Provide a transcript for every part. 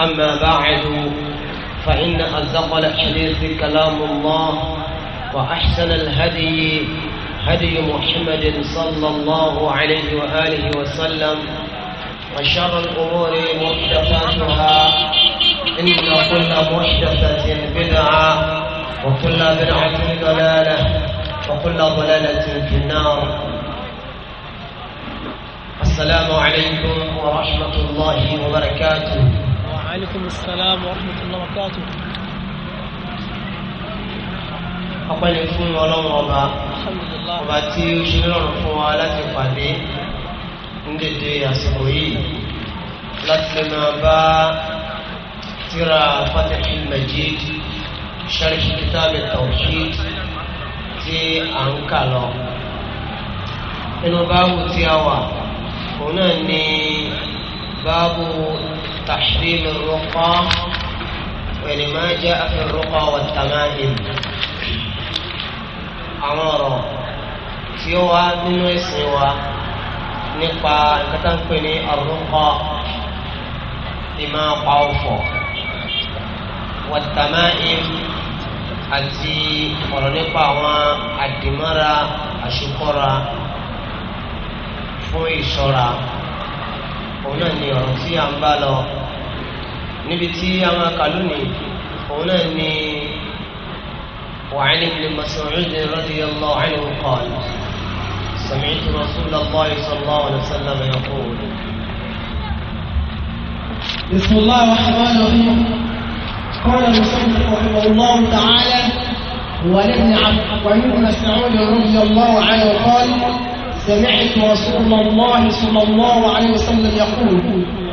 أما بعد فإن أصدق الحديث كلام الله وأحسن الهدي هدي محمد صلى الله عليه وآله وسلم وشر الأمور محدثاتها إن كل محدثة بدعة وكل بدعة ضلالة وكل ضلالة في النار السلام عليكم ورحمة الله وبركاته وعليكم السلام ورحمة الله وبركاته ọpẹ́ ni fún ọlọ́run ọba ọba tí ó ṣe lọ́rùn fún wa láti pàdé ń dédé àsìkò yìí láti lè máa bá tíra Fatihul Majid sharhi kitab at-tawhid tí à ń kà lọ nínú báwo tí a wà òun náà ní باب تحريم الرقى يعني ما جاء في الرقى والتمائم عمارة tí ó wá nínú ẹ̀sìn wa nípa nǹkan tá ń pè ní àrùnkọ ìmáa pa ọ̀fọ̀ wàtàmáìm àti ọ̀rọ̀ nípa àwọn àdìmọ́ra àṣekọ́ra fún ìṣọ́ra. tí a ń bá lọ níbi tí a máa kà lónìí òun náà ni وعن ابن مسعود رضي الله عنه قال سمعت رسول الله صلى الله عليه وسلم يقول بسم الله الرحمن الرحيم قال المصنف رحمه الله تعالى وعن ابن وابن مسعود رضي الله عنه قال سمعت رسول الله صلى الله عليه وسلم يقول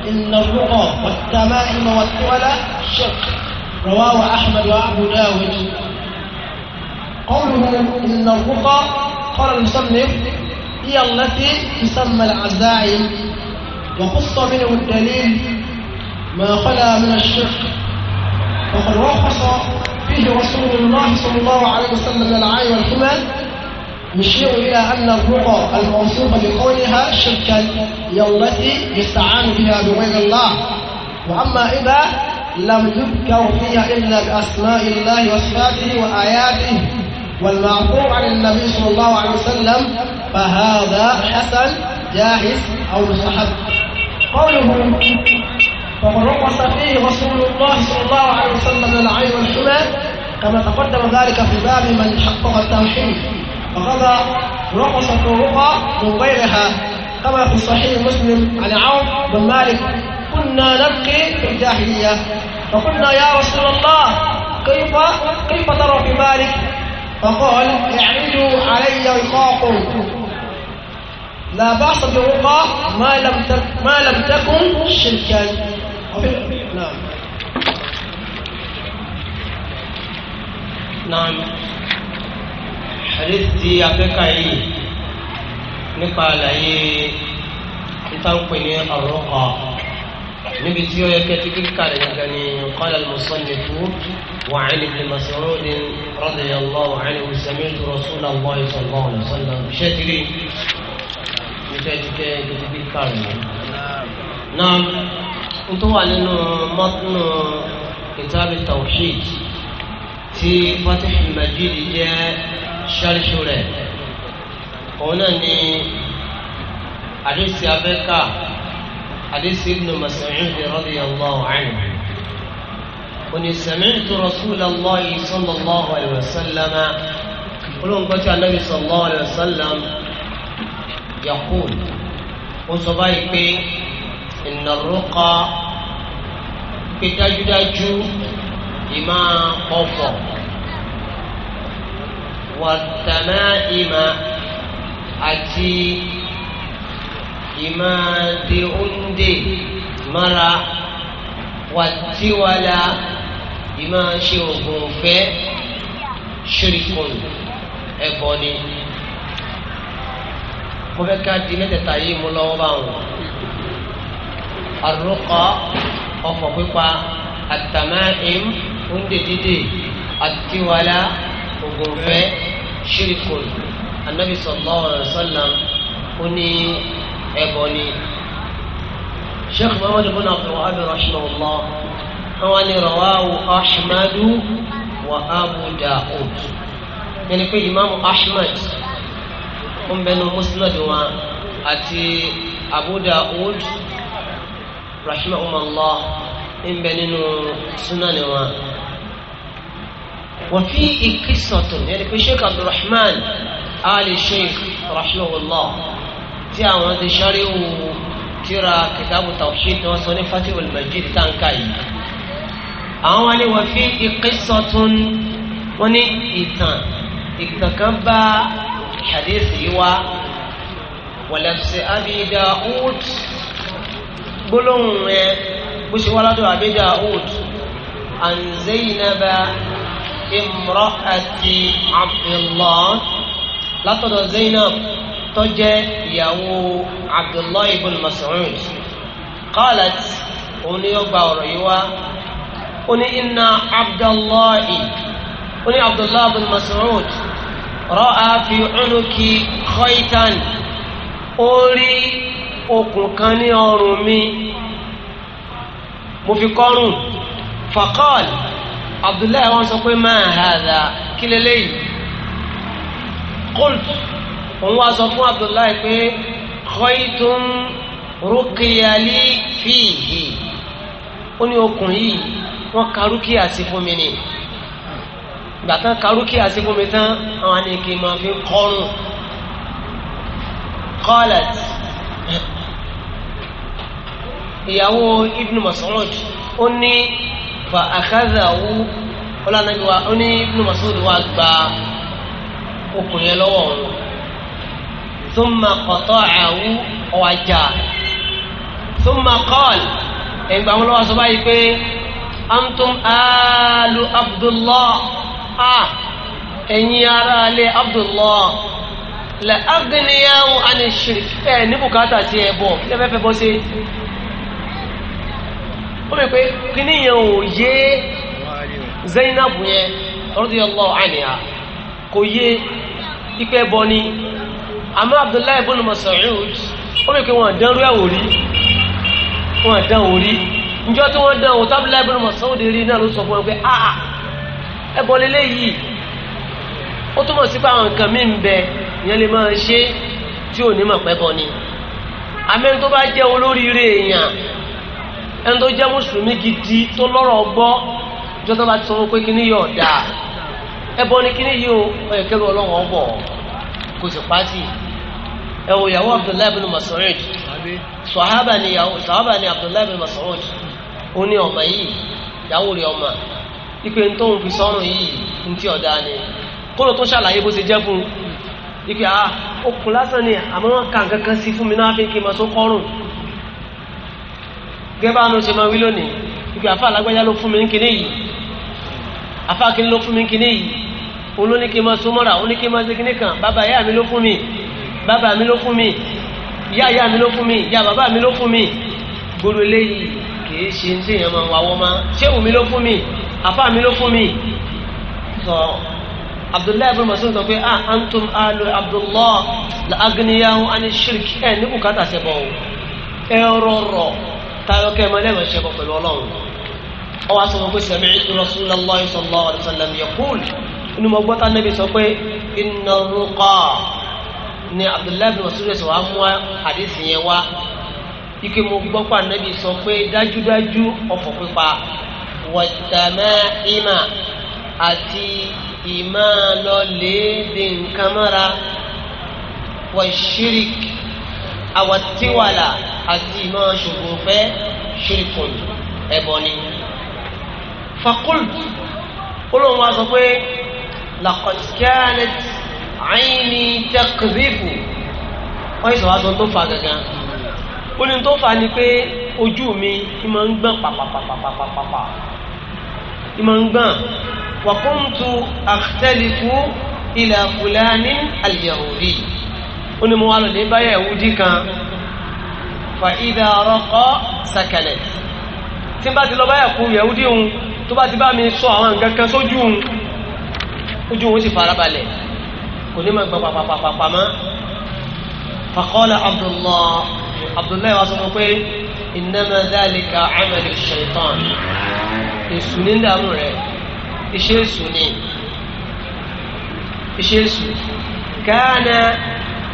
إن الرقى والتمائم والتولى شرك رواه أحمد وأبو داود قوله إن الرقى قال المصنف هي التي تسمى العزائم وقص منه الدليل ما خلا من الشرك وقد رخص فيه رسول الله صلى الله عليه وسلم العين والحمل يشير إلى أن الرقى الموصوفة بقولها شركا يومئذ يستعان بها بغير الله وأما إذا لم يذكر فيها إلا بأسماء الله وصفاته وآياته والمعقول عن النبي صلى الله عليه وسلم فهذا حسن جاهز أو مستحب قوله فمن رقص فيه رسول الله صلى الله عليه وسلم العين والحمى كما تقدم ذلك في باب من حقق التوحيد فقضى رقصة الرقى من غيرها كما في صحيح مسلم عن عون بن مالك كنا نبكي في الجاهلية فقلنا يا رسول الله كيف كيف ترى في مالك فقال اعملوا علي رقاكم لا بأس بالرقى ما لم تك ما لم تكن شركا نعم نعم hadith tí afẹ́ka yìí nípa àlàyé ìtànkùn ní àrùkọ níbi tí ó yẹ kẹ́tí kíkà rẹ̀ gàgà ní qala al-musannif وعن ابن مسعود رضي الله عنه سمعت رسول الله صلى الله عليه وسلم شكري بشكل بالكارم نعم انتوا على متن كتاب التوحيد في فتح المجيد جاء ṣáríṣu rẹ̀ òun náà ni àdìsí abẹ́ká àdìsí ibn Mas'ud radiyallahu anhu òní sami'tu rasulallahi sallallahu alayhi wa sallam olóńgbò tí anabi sallallahu alayhi wa sallam yaqul ó sọ báyìí pé inna ar pé dájúdájú ìmáa ọ̀fọ̀ wàtàmá ìmà àti ìmà di oúnjẹ mara wàtíwàlà ìmà ṣe ògùn ọ̀fẹ́ ṣirikun ẹ̀bọ ni mo fẹ́ ká di mẹ́tẹ̀ẹ̀ta yìí mú lọ́wọ́ báwọn arúkọ ọkọ̀ pípa àtàmá ìm oúnjẹ dídè àtiwàlà oògùn fẹ́ ṣírìkùn anabi sallallahu alaihi wasallam ó ní ẹbọ ni. sheikh muhammad ibn abdulwahab rahimahullah àwọn ni rawahu ahmadu wa abu daud yẹni pé imaamu ahmad ó ń bẹnu musnad wọn àti abu daud rahimahullah ń bẹ nínú sunan wọn wọ́fí ìkísọ̀tún yẹn ni pé sheikh abdulrahman ali sheikh rahimahullah tí àwọn ti sáré wò tíra kìtàbù tawhid tí wọ́n sọ ní fatihul majid tanka yìí àwọn wa ni wọ́fí ìkísọ̀tún wọ́n ní ìtàn ìtàn kan bá hadith yìí wá wọ̀lẹ́fṣẹ́ abi daud gbólóhùn rẹ̀ bó ṣe wá lọ́dọ̀ abi daud an zainaba imra'ati abdullah látọ̀dọ̀ zainab tó jẹ́ ìyàwó abdullah ibn mas'ud qalat òun ni ó gba ọ̀rọ̀ yìí wá ó ní inna abdullah ó ní abdullah ibn mas'ud ra'a fi unuki khaytan ó rí okùn kan ní ọrùn mi mo fi kọ́rùn faqal abdullahi wọn sọ pé máa hàdà kí leléyìí qult òun wá sọ fún abdullahi pé khaytun ruqiya li fihi ó ní okùn yìí wọ́n ka rúkìá sí fún mi ni ìgbà tán ka rúkìá sí fún mi tán àwọn àníkè máa fi kọrùn qalat ìyàwó ibn Mas'ud ó ní fa àkàzàwò ọlànàbí wa ó ní Ibn Mas'ud wa gba okùn yẹn lọ́wọ́ òun thumma qata'ahu ọwọ́ ajá thumma qala ẹ̀gbà wọn lọ́wọ́ sọ báyìí pé antum alu Abdullah a ẹ̀yin ara alẹ́ Abdullah la aghniyahu ani shirk ẹ̀ ní bùkátà sí ẹ̀ bọ̀ fẹ́ bọ́ sí ó lè pé kíní yẹn ò yé Zainab yẹn radiyallahu anha kò yé ipe bọ ni àmọ́ Abdullahi ibn Mas'ud ó lè pé wọ́n dánrú ẹ̀ wò rí wọ́n dán wò rí njọ́ tí wọ́n dán wò tábìlá ibn Mas'ud rí náà ló sọ fún wọn ah, ah, ò ní mọ̀ pẹ́ ni àmẹ́ni tó bá jẹ́ olóríire èèyàn ẹni tó jẹ́ mùsùlùmí gidi tó lọ́rọ̀ gbọ́ jọ́tà bá ti sọ fún pé kíní yìí ọ̀dà ẹbọ ni kíní yìí o ọgbọ kẹrù ọlọ́wọ́n bọ̀ kò sì pàtì ẹ wò ìyàwó Abdullahi bin ni Abdullahi bin ó ní yìí ìyàwó ọmọ ipe ń fi yìí ń ọ̀dà ni kóló tó ṣàlàyé bó jẹ́ fún un ipe ah okùn lásán ni àmọ́ gẹ́gẹ́ bá wọn ṣe máa wí lónìí ìgbà àfa alágbájá ló fún mi ní kinní yìí àfa kinní ló fún mi ní kinní yìí òun máa súnmọ́ra òun ní máa ṣe kinní kan bàbá ìyá mi ló fún mi bàbá mi ló fún mi ìyá ìyá mi ló fún mi ìyá bàbá mi ló fún mi gbogbo eléyìí kìí ṣe ń tèèyàn máa wà wọ́n máa ṣéwù mi ló fún mi àfa mi ló fún mi sọ abdullahi ibn masud sọ pé ah antum alu abdullahi la agniyahu ani ẹ ní bùkátà ṣẹbọ ẹ rọrọ táyọ̀ kẹ́ ma lẹ́wọ̀n ṣẹ́kọ̀ pẹ̀lú ọlọ́run ọwọ́ aṣọ wọn pé sẹ́mi Rasulullah sallallahu alaihi wasallam yaqul inú mọ́ gbọ́tà sọ pé inna ni Abdullahi bin Mas'ud sọ wá ike mo gbọ́ daju sọ pé dájúdájú ọ̀fọ̀ pípa wàtàmẹ́ ima àwọ̀tíwàlà àti ìmọ̀ ṣògùn fẹ́ ṣìrìkùn ẹ̀bọ ni. fakul olóhùn wa sọ pé laqad kanat àìní taqdhibu wọ́n yìí sọ wá sọ tó fà gangan ó tó fà ni pé ojú mi ni mo ń gbọ́n pàpàpàpàpàpà ni mo ń gbọ́n wa kuntu akhtalifu ila fulanin al-yahudi ó ní mo wá lọlé báyà ìwúdí kan fa ìdá ọ̀rọ̀kọ́ sàkẹ̀lẹ̀ tí bá ti lọ báyà kú yẹ̀wúdí òun tó bá ti bá mi sọ àwọn nǹkan kan sójú òun ojú òun sì farabalẹ̀ kò ní máa gbọ́ pàpàpàpà mọ́ faqala Abdullah Abdullah wa sọ fún pé innama dhalika amalu shaitan èsù ní dààmú rẹ̀ iṣẹ́ èsù ni iṣẹ́ èsù kánà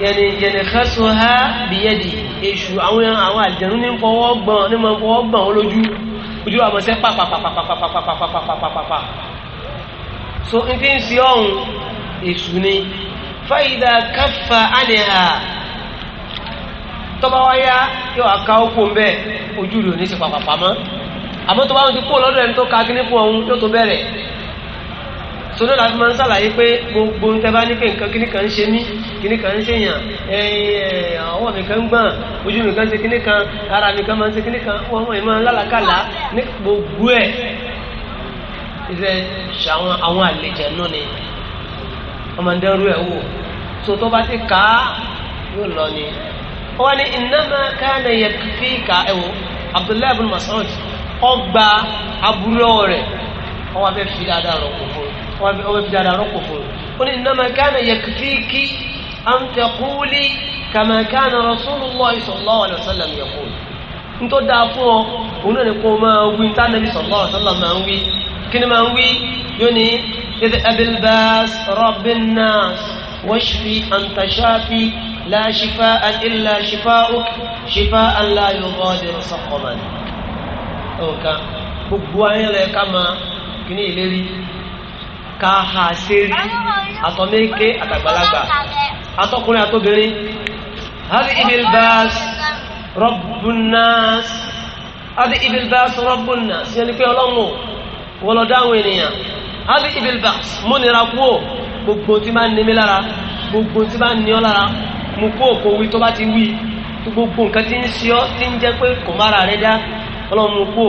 yẹni yẹni kẹsùn ha bìyẹ́dì èṣù àwọn àwọn àjẹnú ní fọwọ́ gbọ̀n ní máa fọwọ́ gbọ̀n wọn lójú ojú àwọn ọmọọṣẹ́ pàpàpàpàpàpàpàpàpàpàpàpà so n fi ń fi ọ̀hún èṣù ni fáyidà káfà àníhà tọ́ba wáyá yóò àká ókú mbẹ́ ojú rẹ̀ ò ní ṣe pàpàpà mọ́ àmọ́ tọ́ba wọn ti kó lọ́dọ̀ ẹni tó ka kíní fún ọ̀hún yóò tó bẹ̀rẹ̀ tòló láti máa ń sàlàyé pé gbogbo tẹ́bá ní pé nǹkan kíní kan ń ṣe mí kíní kan ń ṣe yàn ọwọ́ mi kan ń gbọ̀n ojú mi kan ṣe kíní kan ara mi kan máa ń ṣe kíní kan ọmọ ìmọ̀ lálàkàlà ní gbogbo ẹ̀ ìfẹ́ ṣàwọn àwọn àlejò ẹ̀nú ni ọmọdé rú ẹ̀ wò tó tó bá ti kà á yóò wọ́n fi dáadáa rọ́pò fún un ó ní innama kana yakfiki an taquli kama kana rasulullah sallallahu alaihi wasallam yaqul n tó dáa fún ọ òun náà ni kó máa wí ní tánàbí sallallahu alaihi wasallam máa ń wí ka ha ṣe rí àtọ́mẹ́kẹ́ àtàgbàlagbà atọ́kùnrin àtọ́bìnrin hadi ibil baas rọ́bùnás hadi ibil baas rọ́bùnás yẹn ni pé ọlọ́run wọ́n lọ dáhùn ènìyàn hadi ibil baas nira kú gbogbo tí máa ń ní gbogbo tí máa ń ní ọ lára mo kú òkò wí tó bá ti wí gbogbo nǹkan tí ń ṣe ọ́ tí ń kò mára rẹ dá ọlọ́run mo kú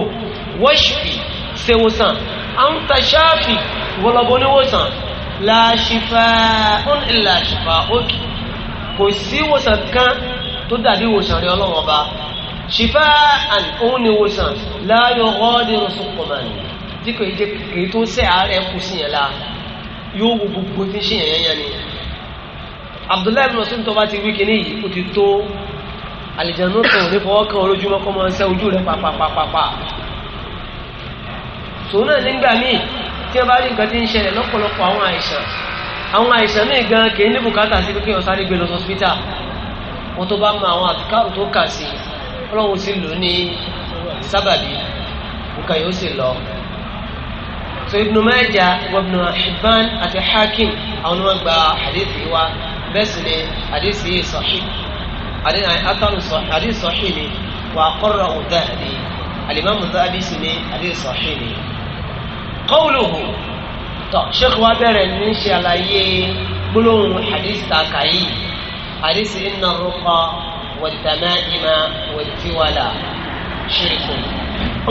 ò anta ṣáàfì ìwọlọ́bọ oníwòsàn wosan, ń ilà ṣìfà òkè kò sí ìwòsàn kan tó dàbí ìwòsàn rẹ ọlọ́wọ́n ọba ṣìfà àn òun ni ìwòsàn láyọ̀ ọ́ọ́dẹ̀rún sọ́kọ̀mọ́ni dípò ìdí kìí tó sẹ́ àárẹ̀ kù sí yẹn la yóò wo gbogbo tí ń ṣe yẹn yẹn ni abdullahi bin masin tó bá ti wí kíní yìí ó ti tó àlìjẹ̀nù kan ní fọwọ́ kan olójúmọ́ kọ́ mọ́ ṣe ojú rẹ̀ pàpàpàpàpà tòun náà nígbà míì tí wọ́n bá rí nǹkan tí ń ṣẹlẹ̀ lọ́pọ̀lọpọ̀ àwọn àìsàn àwọn àìsàn míì gan kì í ní bùkátà sí pé kí wọ́n sáré gbé lọ sọ́sípítà wọn tó bá mọ àwọn àtikáàrù tó kà sí ọlọ́run sì lò ní sábàbí nǹkan yóò sì lọ. so Ibn Majah Ibn Hibban àti Hakim àwọn ni wọ́n gba hadith yìí wá bẹ́ẹ̀ sì ni hadith yìí sahih hadith sahih ni wà á kọ́ra òdà ni al-Imam ni qawluhu tọ́ sheikh wa bẹ̀rẹ̀ ní ṣe àlàyé gbólóhùn hadith takayi hadith inna ruqa wàtàmáìmá wàtíwàlà ṣirkun.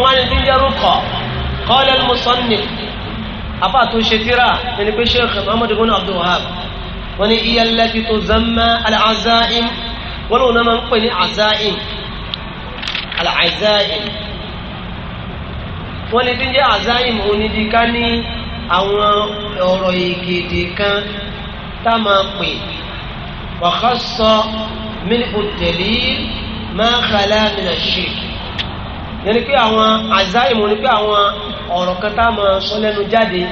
wọ́n ní tí ń jẹ́ ruqa qala al-musannif afa tó ṣe tíra ẹni pé sheikh muhammadu bin abdul wahab wọ́n ní iye lẹ́kì tó zama al-azaim wọ́n lóun náà máa ń pè ní azaim al-azaim wọ́n lè fi jẹ́ azaim onídìíká ní àwọn ọ̀rọ̀ ìgèdè kan tá máa pè wàhásọ mílíkù tẹ̀lé máa kàlá nínú ṣe yẹn ni pé àwọn azaim ni pé àwọn ọ̀rọ̀ kan tá máa sọ lẹ́nu jáde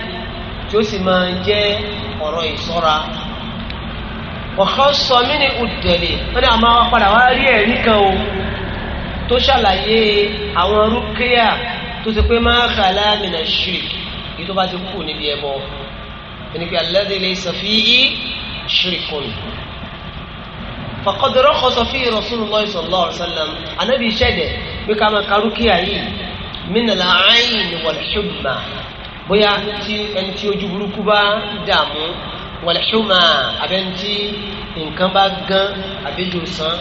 tí ó sì máa jẹ́ ọ̀rọ̀ ìṣọ́ra wàhásọ mílíkù tẹ̀lé wọ́n ní àmọ́ padà wá rí ẹ̀rí kan o tó ṣàlàyé àwọn rúkìá tó ṣe pé máa kàlá mìíràn ṣírìkì yìí tó bá ti kú níbi ẹbọ ẹni pé alladhi laysa fihi ṣírìkùn. faqad rakhasa fihi rasulullah sallallahu alaihi wasallam anábì ṣẹ̀dẹ̀ pé ká máa karúkìá yìí minal ayn wal humma bóyá ẹni tí ojú burúkú bá dààmú wal humma abẹ́ntí nǹkan bá gán àbẹ́jọ sàn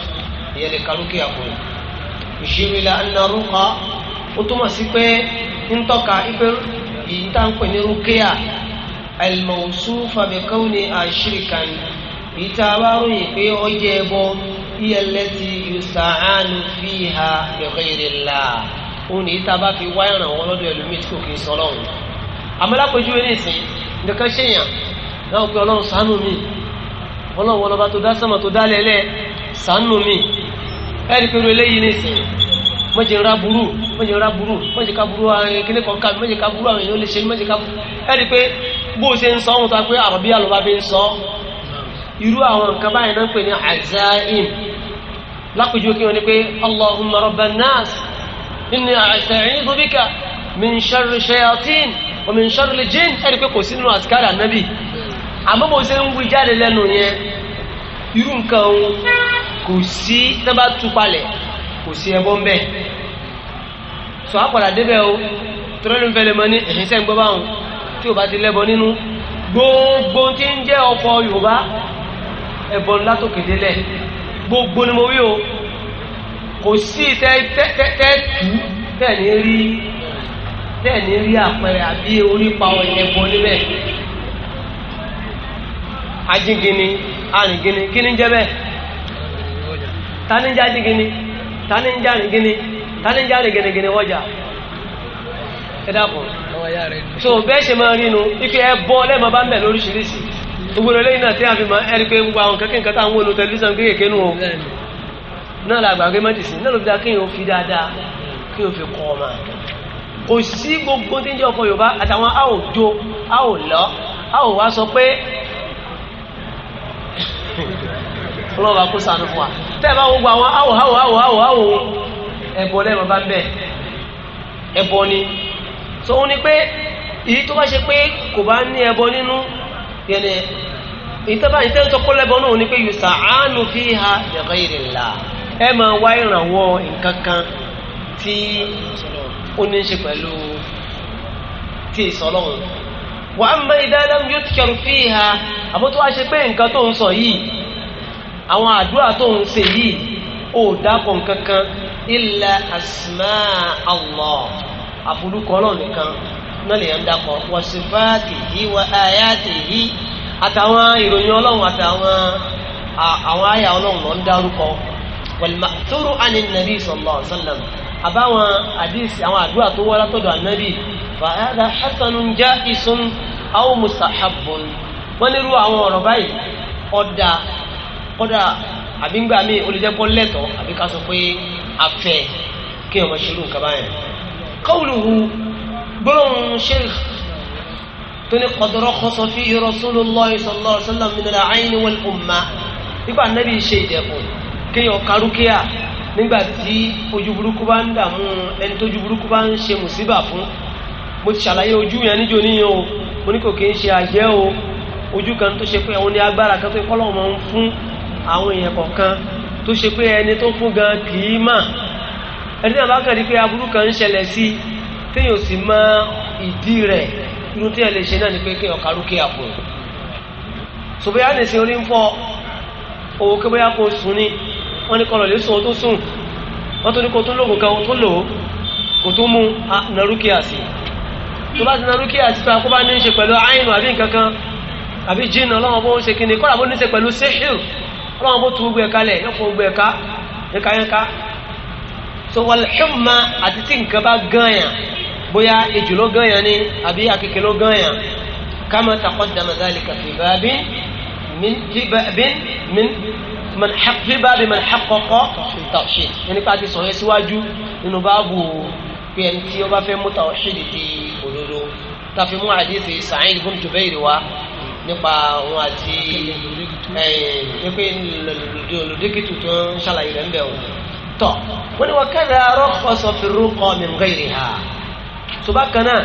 ìyẹn lè karúkìá kù ó túmọ̀ sí pé ń tọ́ka ipe èyí tá ń pè ní rúkìá al-mawsufa bi kawni ashirikan èyí tá a bá ròyìn pé ó jẹ́ ẹbọ iyẹlẹ́tì yusa'anu fiha bi ghayrillah òun ní tá a bá fi wá ìrànwọ́ lọ́dọ̀ ẹlòmíì tí kò kì í sọ lọ́hùn. àmọ́ lápèjúwe ìsìn nìkan ṣèyàn náà pé ọlọ́run ṣàánú mi ọlọ́run wọn lọ́ba tó dá sánmà tó dá lẹ́lẹ́ ṣàánú mi ẹ̀ẹ́dì eléyìí ní ìsìn mọ̀jẹ̀ ra burú mọ̀jẹ̀ ra burú mọ̀jẹ̀ ká burú kíní kan ká mọ̀jẹ̀ ká burú àwọn èèyàn lè ṣe mọ̀jẹ̀ ká burú ẹ̀rí pé bó o ṣe ń sọ ohun tó a pé àròbí àlọ́ba fi ń sọ irú àwọn nǹkan báyìí náà ń pè ní azaim lápèjú kí wọ́n ní pé allahumma rabban nas inni asta'idhu bika min sharri shayatin wa min sharri jinn ẹ̀rí pé kò sínú àtikárì ànábì àmọ́ bó ṣe ń wí jáde lẹ́nu yẹn irú nǹkan òun kò sí tẹ́bá tú palẹ̀ kò sí ẹbọ ń bẹ́ẹ̀ sọ àpàdà débẹ̀ o tọ́lẹ́lùfẹ́ lè mọ ní ìṣẹ́ ń gbọ́ báwọn tí ò bá ti lẹ́bọ nínú gbogbo tí ń jẹ́ ọkọ̀ yorùbá ẹ̀bọ ńlá tó kéde gbogbo ni mo wí o kò sí tẹ́tù tẹ́ẹ̀ní rí tẹ́ẹ̀ní rí àpẹẹrẹ àbí onípa ẹ̀bọ níbẹ̀ ajíngini arìngini kí ni ń jẹ́ bẹ́ẹ̀ tani ń jẹ́ ajíngini tani ń jẹ́ tani járe gẹ́gẹ́gẹ́ wọ́jà ẹ̀dàpọ̀ so bẹ́ẹ̀ ṣe máa rínu ike ẹbọ lẹ́mọ̀ bá ń bẹ̀ lóríṣiríṣi gbogbo lẹ́yìn náà tí a fi máa ẹ̀rí pé gbogbo àwọn kẹ́kẹ́ nǹkan táwọn olóòtú tẹlifíṣàn kéèké nù o náà làgbà pé mẹ́tìsì náà ló fi dáa kéèyàn fi dáadáa kéèyàn fi kọ́ ọmọ kò sí gbogbo tí ń jẹ́ Yorùbá àtàwọn a ò do a ò lọ a ò wá sọ pé kó sànù fún wa tẹ́ẹ̀ bá àwọn a a ẹbọ lẹ́nu bá ń ẹbọ ni so ó ní pé èyí tó bá ṣe pé kò bá ní ẹbọ nínú yẹnì ìtẹ́bà ìtẹ́ tó kọ́ lẹ́bọ náà pé yusa àánú fi ha li ghayrillah ẹ máa wá ìrànwọ́ nǹkan kan tí ó ní ṣe pẹ̀lú tí ìsọlọ́run wà á mọ ìdáná yóò ti kẹrù fi ha àbótó wá ṣe pé nǹkan tó ń sọ yìí àwọn àdúrà tó ń ṣe yìí ó dákọ̀ kankan illa asma Allah àforúkọ náà nìkan náà lèyàn dákọ̀ wa sifatihi wa ayatihi àtàwọn ìròyìn ọlọ́run àtàwọn àwọn àyà ọlọ́run ló ń dárúkọ wal ma'thuru anin nabi sallallahu alaihi wasallam àbáwọn àdìsí àwọn àdúrà tó wọ́n látọ̀dọ̀ ànábì fàádà hasanun ja'isun aw mustahabbun wọ́n nírú àwọn ọ̀rọ̀ báyìí ọ̀dà ọ̀dà àbí ńgbà míì ó lè jẹ́ pọ́ lẹ́tọ̀ọ́ àbí ká sọ pé afẹ́ kí ọmọ ṣerú nǹkan báyẹn. qawluhu gbọ́dọ̀ sheikh tó ní kọ̀dọ̀rọ̀ kọ́sọ̀ fi rasulullahi sallallahu alaihi wasallam min al-ayn wal umma nípa nẹ́bí ṣe ìdẹ̀kùn kéèyàn karúkíà nígbà tí ojú burúkú bá ń dààmú ẹni tó ojú burúkú bá ń ṣe mùsíbà fún mo ti ṣàlàyé ojú yẹn níjó níyẹn o mo ní kò kí ń ṣe àjẹ́ o ojú kan tó ṣe pé òun ní agbára kan tó kọ́lọ́ máa ń fún àwọn èèyàn kọ̀ọ̀kan tó ṣe pé ẹni tó fún gan kì í mà ẹni tí a bá kàn rí pé aburú kan ń ṣẹlẹ̀ sí téèyàn sì mọ ìdí rẹ̀ irú tí ẹ lè ṣe náà ni pé kéèyàn kárú kí àpò rẹ̀ sọ̀bẹ́ yá nìsín orí ń fọ owó kí bóyá kó sùn ni wọ́n ní kọlọ̀ lè sùn ó tó sùn wọ́n tó ní kó tó lóògùn kan ó tó lò ó kò tó mú narúkìá sí tó bá ti narúkìá sí tó akóbá ní í ṣe pẹ̀lú àìnù àbí nǹkan kan àbí jíìnà ọlọ́wọ́n bó ń ṣe kíni kọ́lá bó ní í ṣe pẹ̀lú sehil ọlọ́run bó tu gbogbo ẹ̀ka lẹ̀ yọ̀pọ̀ gbogbo ẹ̀ka ẹ̀ka ẹ̀ka so wal humma àti tí nǹkan bá gán yàn bóyá ejò ló gán yàn ni àbí akeke ló gán yàn kama taqaddama dhalika fi babin min fi babin min man fi babi man haqqaqa tawhid ẹni pàtí sọ̀rọ̀ síwájú nínú báàbù pé ẹni tí ó bá fẹ́ mú tawhid di òdodo tàfi mú àdéhùn Sa'id ibn nípa òun àti pípé lòdìkìtù tó ń ṣàlàyé rẹ̀ ń bẹ̀ òun tọ̀ wọ́n ní wọ́n kẹ́rẹ́ arọ́kọ̀sọ fìrú kọ́ mi ń gẹ́rì ha tó bá kan náà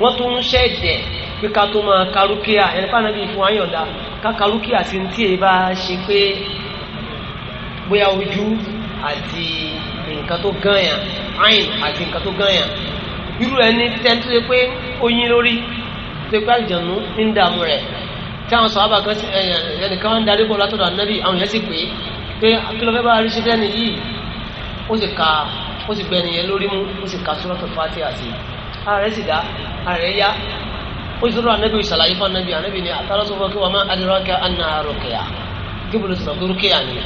wọ́n tún ń ṣẹ̀jẹ̀ pé ká tó máa karukia ẹni pa náà bí fún ayọ̀dá ká karukia ti ń tí èyí bá ṣe pé bóyá ojú àti nǹkan tó gànyàn ayin àti nǹkan tó gànyàn irú ẹni tẹ́ntú pé oyin lórí tó pé àjẹ̀nú ń dààmú rẹ̀ tí àwọn sọ̀rọ̀ àbàkan eh, ẹnìkan ń darí bọ̀ látọ̀dọ̀ ànábì àwọn yẹn sì pé pé ah, kí ló fẹ́ bá rí ṣẹ́ni yìí ó sì ka ó sì gbẹni yẹn lórí mú ó sì ka suratul Fatiha àti ara rẹ̀ sì dá ara rẹ̀ yá ó sì sọ̀rọ̀ ànábì ìṣàlàyé fún ànábì ànábì ni àtàlọ́sọ fún kí wọ́n máa adraka anna ruqya gíbùlù sọ̀rọ̀ rúkìá ni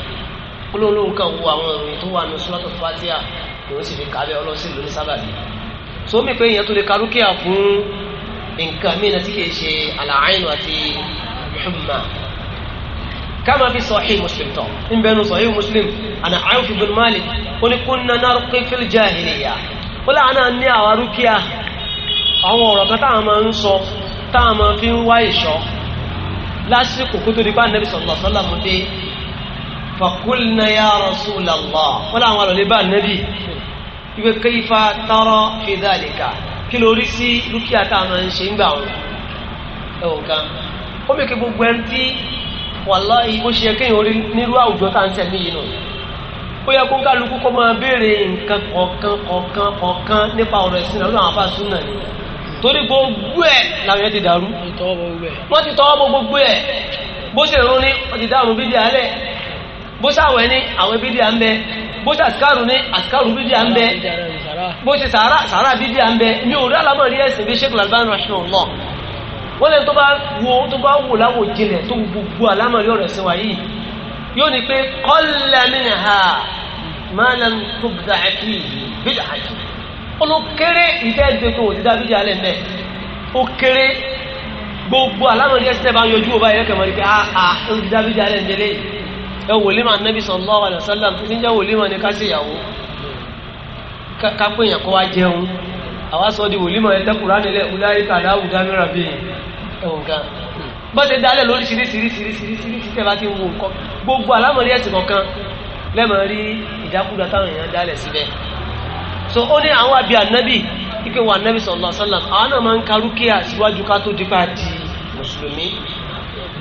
olóòlóhùn kan wo àwọn ìròyìn tó humma kama fi sahih muslim tán ń bẹnu sahih muslim àná Awf ibn Malik ó ní kunna narqi fil jahiliya ó láàánú ní àwọn arúkíà àwọn ọ̀rọ̀ kan táwọn máa ń sọ táwọn máa fi ń wá ìṣọ́ lásìkò kó tó di bá nẹ́bí sallallahu alaihi wasallam dé فقلنا يا رسول الله ولا عمر لبا النبي كيف ترى في ذلك كيلو ريسي لوكيا تامان شينباو او كان ó bẹ̀ kí gbogbo ẹni tí wàláhì ó ṣe kéèyàn orí nírú àwùjọ tá à ń tẹ̀lé yìí nù ó yẹ kó kálukú kó máa béèrè nǹkan kọ̀ọ̀kan kọ̀ọ̀kan kọ̀ọ̀kan nípa ọ̀rọ̀ ẹ̀sìn náà lọ́wọ́ àfáà súnà ni torí gbogbo ẹ̀ làwọn yẹn ti dàrú wọ́n ti tọwọ́ bọ gbogbo ẹ̀ bó ṣe rún ní wọ́n ti dárun bíbí alẹ́ bó ṣàwẹ̀ ní àwọn bíbí à ń bẹ bó ṣe àsìkárù ní àsìkárù bíbí à ń bẹ bó ṣe sàárà bíbí à ń bẹ mi ò rí àlámọ̀ ẹ̀sìn bí Sheikh Al-Albani rahimahullah wọ́n lẹ́nu tó bá wo tó bá wò láwò jinlẹ̀ tó wo gbogbo àlámọ̀rí ọ̀rọ̀ ẹ̀sìn wa yìí yóò ní pé qalla minha ma lam tubda' fihi bid'ah olókéré ìtẹ́ẹ̀dẹ́ tó òdídá bíjà lẹ́ mẹ́ ó kéré gbogbo àlámọ̀rí ẹ̀sìn bá yọjú ọba ẹ̀rẹ́ kẹmọ́ ní pé àà ah, ah, òdídá bíjà lẹ́ mẹ́lẹ́ ẹ wò lima nabi sallallahu alaihi wasallam tó ní jẹ́ wò ní ká ṣèyàwó ká pé èèyàn kó wá jẹun àwọn sọ di wòlímọ̀ ẹ̀ tẹ́kùrá nílẹ̀ ọláyíká aláwùdá mìíràn bíi ẹ̀wọ̀n kan bọ́sẹ̀ dálẹ̀ lórí ṣiríṣiríṣiríṣiríṣi tẹ́ bá ti wo nǹkan gbogbo alámọ̀rí ẹ̀sìn kọ̀ọ̀kan lẹ́mọ̀ rí ìdákúdà táwọn èèyàn dálẹ̀ síbẹ̀ so ó ní àwọn àbí ànábì ike wà ànábì sallallahu alaihi wasallam àwọn náà máa ń ka rúkìá síwájú ká tó dípa di mùsùlùmí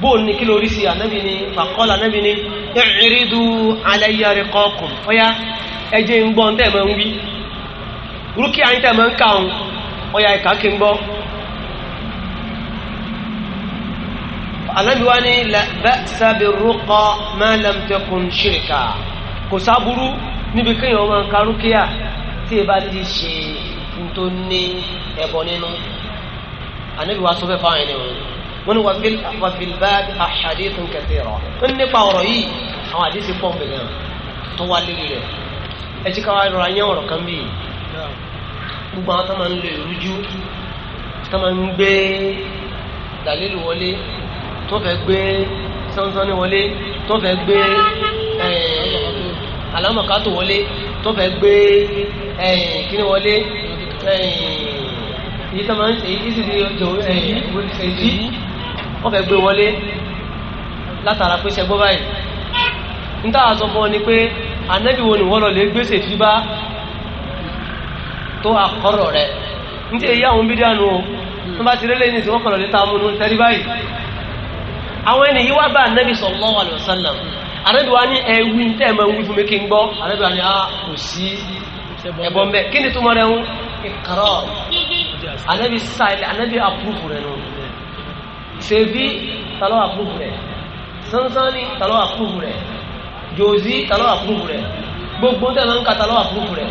bóun ní kí lórí sí ànábì ni fàkọ́lá ànábì ni ẹ̀rídù aláyàrí kọ́ọ̀kùn fọ́yá ẹjẹ́ ń gbọ́n tẹ́ mọ́ ń wí rúkìá yín tẹ̀ máa ń kà ń ọ̀yà ìkà kí n gbọ́. anábìwá ni bẹ́ẹ̀sà bí rúkọ máa lẹ́m tẹkùn ṣìrìkà kò sábúrú níbi kéèyàn máa ń ka rúkìá tí ì bá ti ṣe tó ní ẹ̀bọ nínú anábìwá sọ fẹ́ fáwọn ẹni wọn wọ́n ní wàfíìlbá àhàdìsùn kẹsìrọ̀ wọ́n ní nípa ọ̀rọ̀ yìí àwọn àdìsí pọ̀ bẹ̀rẹ̀ tó wá lérí rẹ̀ ẹ gbogbo àwọn tó máa ń lo ìrújú tó máa ń gbé dàlílù wọlé tó fẹ́ gbé sánsánni wọlé tó fẹ́ gbé alámọ̀kátó wọlé tó fẹ́ gbé kíní wọlé èyí tó máa ń èyí sì ti jọ èyí wọ́n fẹ́ gbé wọlé látara pé ṣẹgbọ́ báyìí níta àsọfún ọ ni pé anẹ́bí wo ni wọ́n lọ lè gbèsè fi bá tó àkọ́rọ̀ rẹ̀ ní ti èyí àwọn bídíà o hmm. tó bá ti rélé ní ìsìnkú kọ̀rọ̀ níta mú un tẹ́rí báyìí àwọn ẹni yìí wá bá anabi sallallahu alaihi wasallam anabi wa ní ẹwí tẹ́ ẹ̀ máa ń wí fún mi kí n gbọ́ anabi wa ní a ah, kò sí ẹ̀bọ mbẹ kí ni túmọ̀ rẹ̀ ń ìkàrọ̀ anabi sáìlẹ̀ anabi àpúrúfù rẹ̀ nù ṣèbí talọ́ àpúrúfù rẹ̀ sánsánì talọ́ àpúrúfù rẹ̀ jòzí talọ́ àpúrúfù rẹ̀ gbogbo tẹ̀lé ń talọ́ àpúrúfù rẹ̀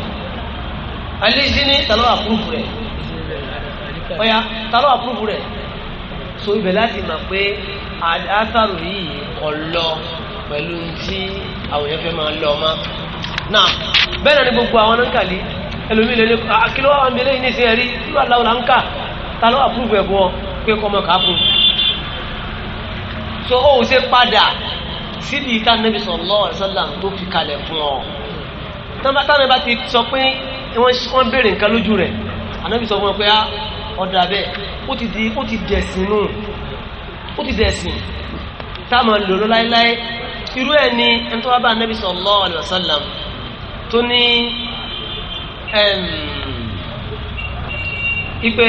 alẹ́sí talo talọ́ àpúrúfù rẹ̀ talo talọ́ àpúrúfù rẹ̀ so ibẹ̀ láti mọ̀ pé àtàrò yìí ọ̀lọ́ pẹ̀lú tí àwọn èèyàn fẹ́ máa lọ ọmọ náà bẹ́ẹ̀ náà ni gbogbo àwọn náà ń kàlí ẹlòmí lè ní àkílọ́ àwọn ọmọ eléyìí nísìnyí ẹ̀rí ìlú aláwọ̀ là ń kà talọ́ àpúrúfù ẹ̀ bọ́ pé kọ́ ọmọ kà á fún so ó ṣe padà sídìí tá nàbì sallallahu alaihi wasallam tó fi kalẹ̀ fún ọ tọ́mọ́tàmì bá ti sọ pé wọ́n bèèrè nǹkan lójú rẹ̀ anábì sọ fún wọn pé á ah, ọ̀dà bẹ́ẹ̀ ó ti di ó ti dẹ̀sìn nù ó ti dẹ̀sìn táàmù lòlò láéláé irú ẹ̀ ni ẹni tó wá bá anábì sallallahu alaihi wasallam tó ní ipe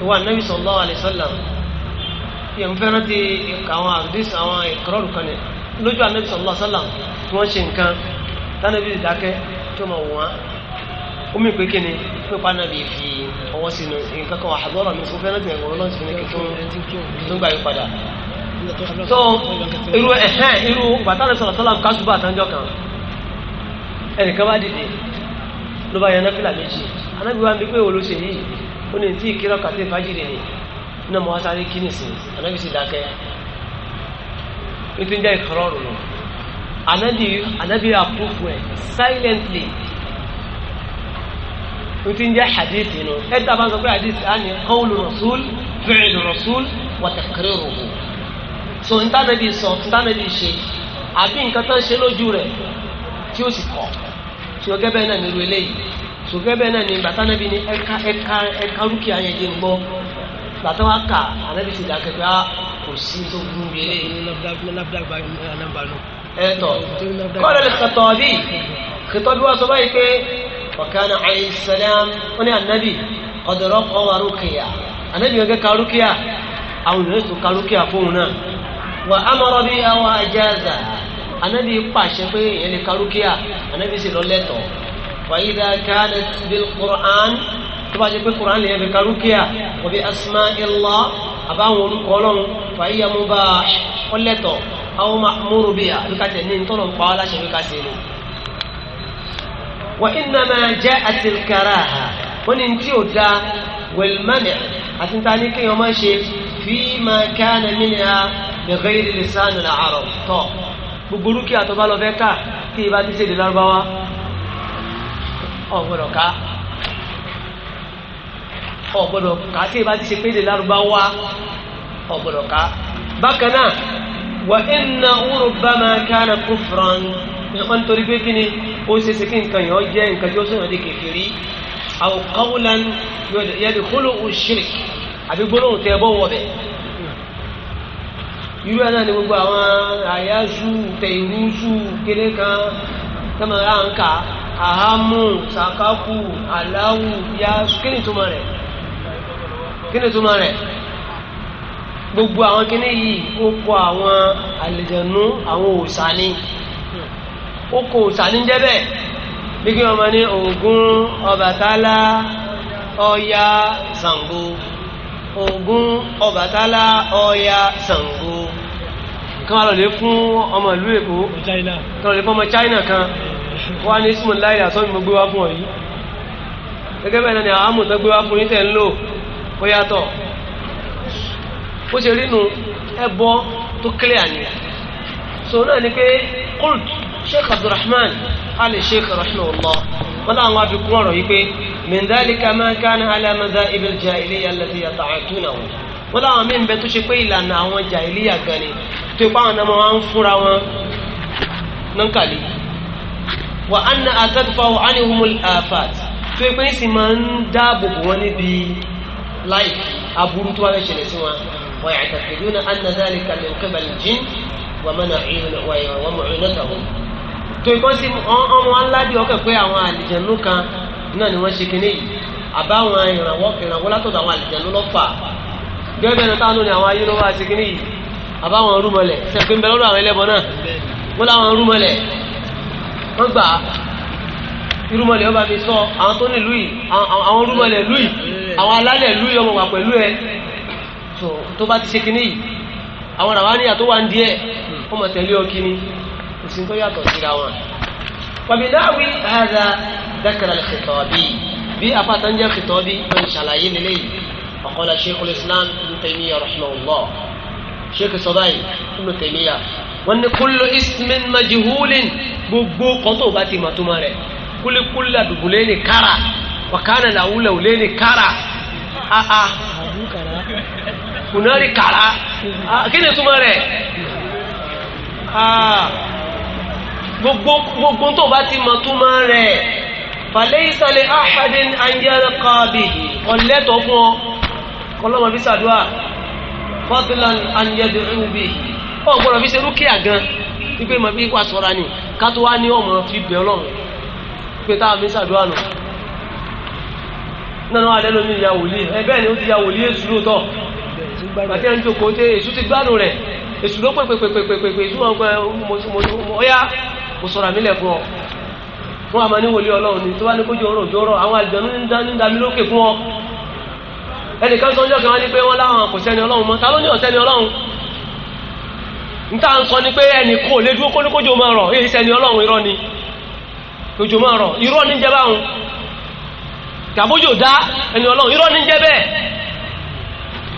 ìwà anábì sallallahu alaihi wasallam yẹn fẹ́ rántí àwọn àdìs àwọn ìkọrọ̀rù kan ní lójú anábì sallallahu alaihi wasallam tí wọ́n ṣe nǹkan tánàbí ìdákẹ́ tó máa wọ́n ó mi pé kíni pé panabi fi ọwọ́ sínú nǹkan kan àbọ̀rọ̀ mi fún fẹ́ràn tìǹkan ọlọ́run ti fi ní tó ń gbà yí padà. tó irú ẹ̀hẹ́n irú bàtà lè sọ̀rọ̀ sọ́lá kásùbà àtàǹjọ́ kan ẹnìkan bá dìde ló bá yan náfìlà méjì anábì wa ń bí pé wo ló ṣe yìí ó ní tí ìkírọ̀ kàtí ìfájìrì ni iná mọ́ sáré kí nìsín anábì sì dákẹ́ nítorí jẹ́ ìkọrọ̀ rò ti ń jẹ́ hadith inú ẹ tí a bá ń sọ pé hadith á ní qawlu rasul fi'lu rasul wa takriruhu so ntánẹ́bí sọ ntánẹ́bí ṣe àbí nǹkan tó ń ṣe lójú rẹ̀ tí ó sì kọ̀ ṣùgbọ́n bẹ́ẹ̀ náà nílùú eléyìí ṣùgbọ́n bẹ́ẹ̀ náà ní bàtánẹ́bí ní ẹ̀ka ẹ̀ka ẹ̀ka rúkìá yẹn jẹ́ gbọ́ bàtán wa kà ànábì sì dà kẹ́kẹ́ á ah, kò sí tó burú bí eléyìí. ẹ وكان عليه السلام وني النبي قد رقى ركيا، النبي يقى رقيا أو نريد رقيا فونا وأمر بها وأجازها النبي قاش بي يعني رقيا النبي سلولته وإذا كانت بالقرآن تبا جاء بالقرآن لها بكرقيا وبأسماء الله أباهم قولهم فهي مباح قلته أو مأمور بها بكاتنين تنم قالا شبكا سيني wa innama ja'at al-karaha wọ́n ní tí ò da wẹ̀lmánì àti ta ní kéèyàn máa ṣe fi ma kana minha bi ghayri lisan al-arab tọ́ gbogbo orúkẹ́ àtọ́bá lọ fẹ́ ká kí ibà ti ṣe lè lárúbáwá ọ̀gbọ́dọ̀ ká ọ̀gbọ́dọ̀ ká kí ibà ti ṣe pé lè lárúbáwá ọ̀gbọ́dọ̀ ká bákan náà wà ẹnna òru bá máa kánà kó fúran wọn torí pé kí ni ó ṣe ṣe kí nǹkan yẹn ó jẹ́ nǹkan tí ó sọ̀rọ̀ di kèfèrí àwọn kọ́wúlan yẹ́dì kúlù òṣìrì àbí gbólóhùn tẹ́ bọ́ wọ̀ ni gbogbo àwọn àyáṣu tẹ̀yìrúṣu kéré kan tẹ́mọ̀ rà ń kà àhámù sàkákù aláwù yá kí ni túmọ̀ rẹ̀ kí ni túmọ̀ rẹ̀. gbogbo àwọn kíní yìí ó kọ àwọn àlìjẹ̀nú àwọn òsàní ó kọ òsàní jẹ́bẹ̀ bí kí wọ́n oya ní Ògún Ọbàtálá Ọya sango. Ọbàtálá kan fún ọmọ ìlú Èkó kan lọ fún ọmọ China kan wọ́n ní ismu láì àsọ́nù mo wá fún ọ ni àwọn amòtán gbé wá fún tẹ̀ bó ṣe rí nu ẹbọ tó clear ni so náà ni pé qult sheikh abdulrahman ali sheikh rahimahullah wọn láwọn afikún ọ̀rọ̀ yìí pé min dhalika ma kana ala madhahib al-jahiliyya allati yata'atunahu wọn láwọn míì ń bẹ tó ṣe pé ìlànà àwọn jahiliyya gan ni tó ipá àwọn ọmọ wọn fúnra wọn náà wa anna atadfa anhumul afat tó ipé sì máa ń dáàbò bò wọn níbi láì aburú tó wà fẹ́ ṣẹlẹ̀ wọn. ويعتقدون أن ذلك من قبل الجن ومعينتهم tòyìnbọn sí ọmọ aládìí ọkàn pé àwọn àlìjẹnú kan náà ni wọn ṣe kinní yìí àbáwọn ìrànwọ́ ìrànwọ́ látọ̀dọ̀ àwọn àlìjẹnú lọfà gẹ́gẹ́ ní táwọn ní àwọn ayé ló wá ṣe kinní yìí àbáwọn rúmọlẹ̀ sẹpẹ nbẹ lọ́dọ̀ àwọn ẹlẹ́bọ náà wọn làwọn rúmọlẹ̀ wọn gbà irúmọlẹ̀ ọba mi sọ àwọn tó ní lùyìí àwọn rúmọlẹ̀ lùyìí àwọn alálẹ̀ lùyìí ọmọ wà pẹ̀lú ẹ so tó bá ti ṣe kíní yìí àwọn àwọn àníyàn tó wà ń díẹ̀ wọ́n mọ̀ tẹ̀lé ọ kíní kò sí tó yàtọ̀ síra wọn. wàbí láàwí ààrẹ dákàrà Khitabi bí afáàtánjẹ́ Khitabi tó ń ṣàlàyé lélẹ̀ ọ̀kọ́lá Sheikhul Islam Ibn Taymiyyah rahimahullah Sheikh sọ báyìí Ibn Taymiyyah ismin majhulin gbogbo kan tó bá ti mọ̀ tó rẹ̀ kulikula kùnárì kàrá ah, kí ni túmọ̀ rẹ̀ ah, gbogbo tó bá ti mọ̀ túmọ̀ rẹ̀ fàlẹ́ ìsàlẹ̀ ahadin anjẹ́rẹ́ kọ́ọ̀bì ọ̀lẹ́tọ̀ fún ọ kọlọ́mọ fi sàdúrà fọ́tílan anjẹ́dẹ̀ rúbì ọ̀gbọ́dọ̀ fi ṣe rúkìá gan wípé mọ̀ bí wà sọ́ra ni ká tó wá ní ọmọ fi bẹ̀ ọlọ́run pé táwọn fi sàdúrà nù nínú alẹ́ lómi ìyá wòlíì ẹ bẹ́ẹ̀ ni ó ti ya wòlíì èsù lóòótọ́ bàtí à ń jòkó tí èṣù ti gbádùn rẹ̀ èṣù ló pèpèpèpèpèpè èṣù wọn pẹ ọyá kò sọ̀rọ̀ àmì lẹ̀ fún ọ fún àmà ní wòlíì ọlọ́run tó bá ní kójú ọrọ̀ òjò àwọn àjọ ní dami lókè fún ọ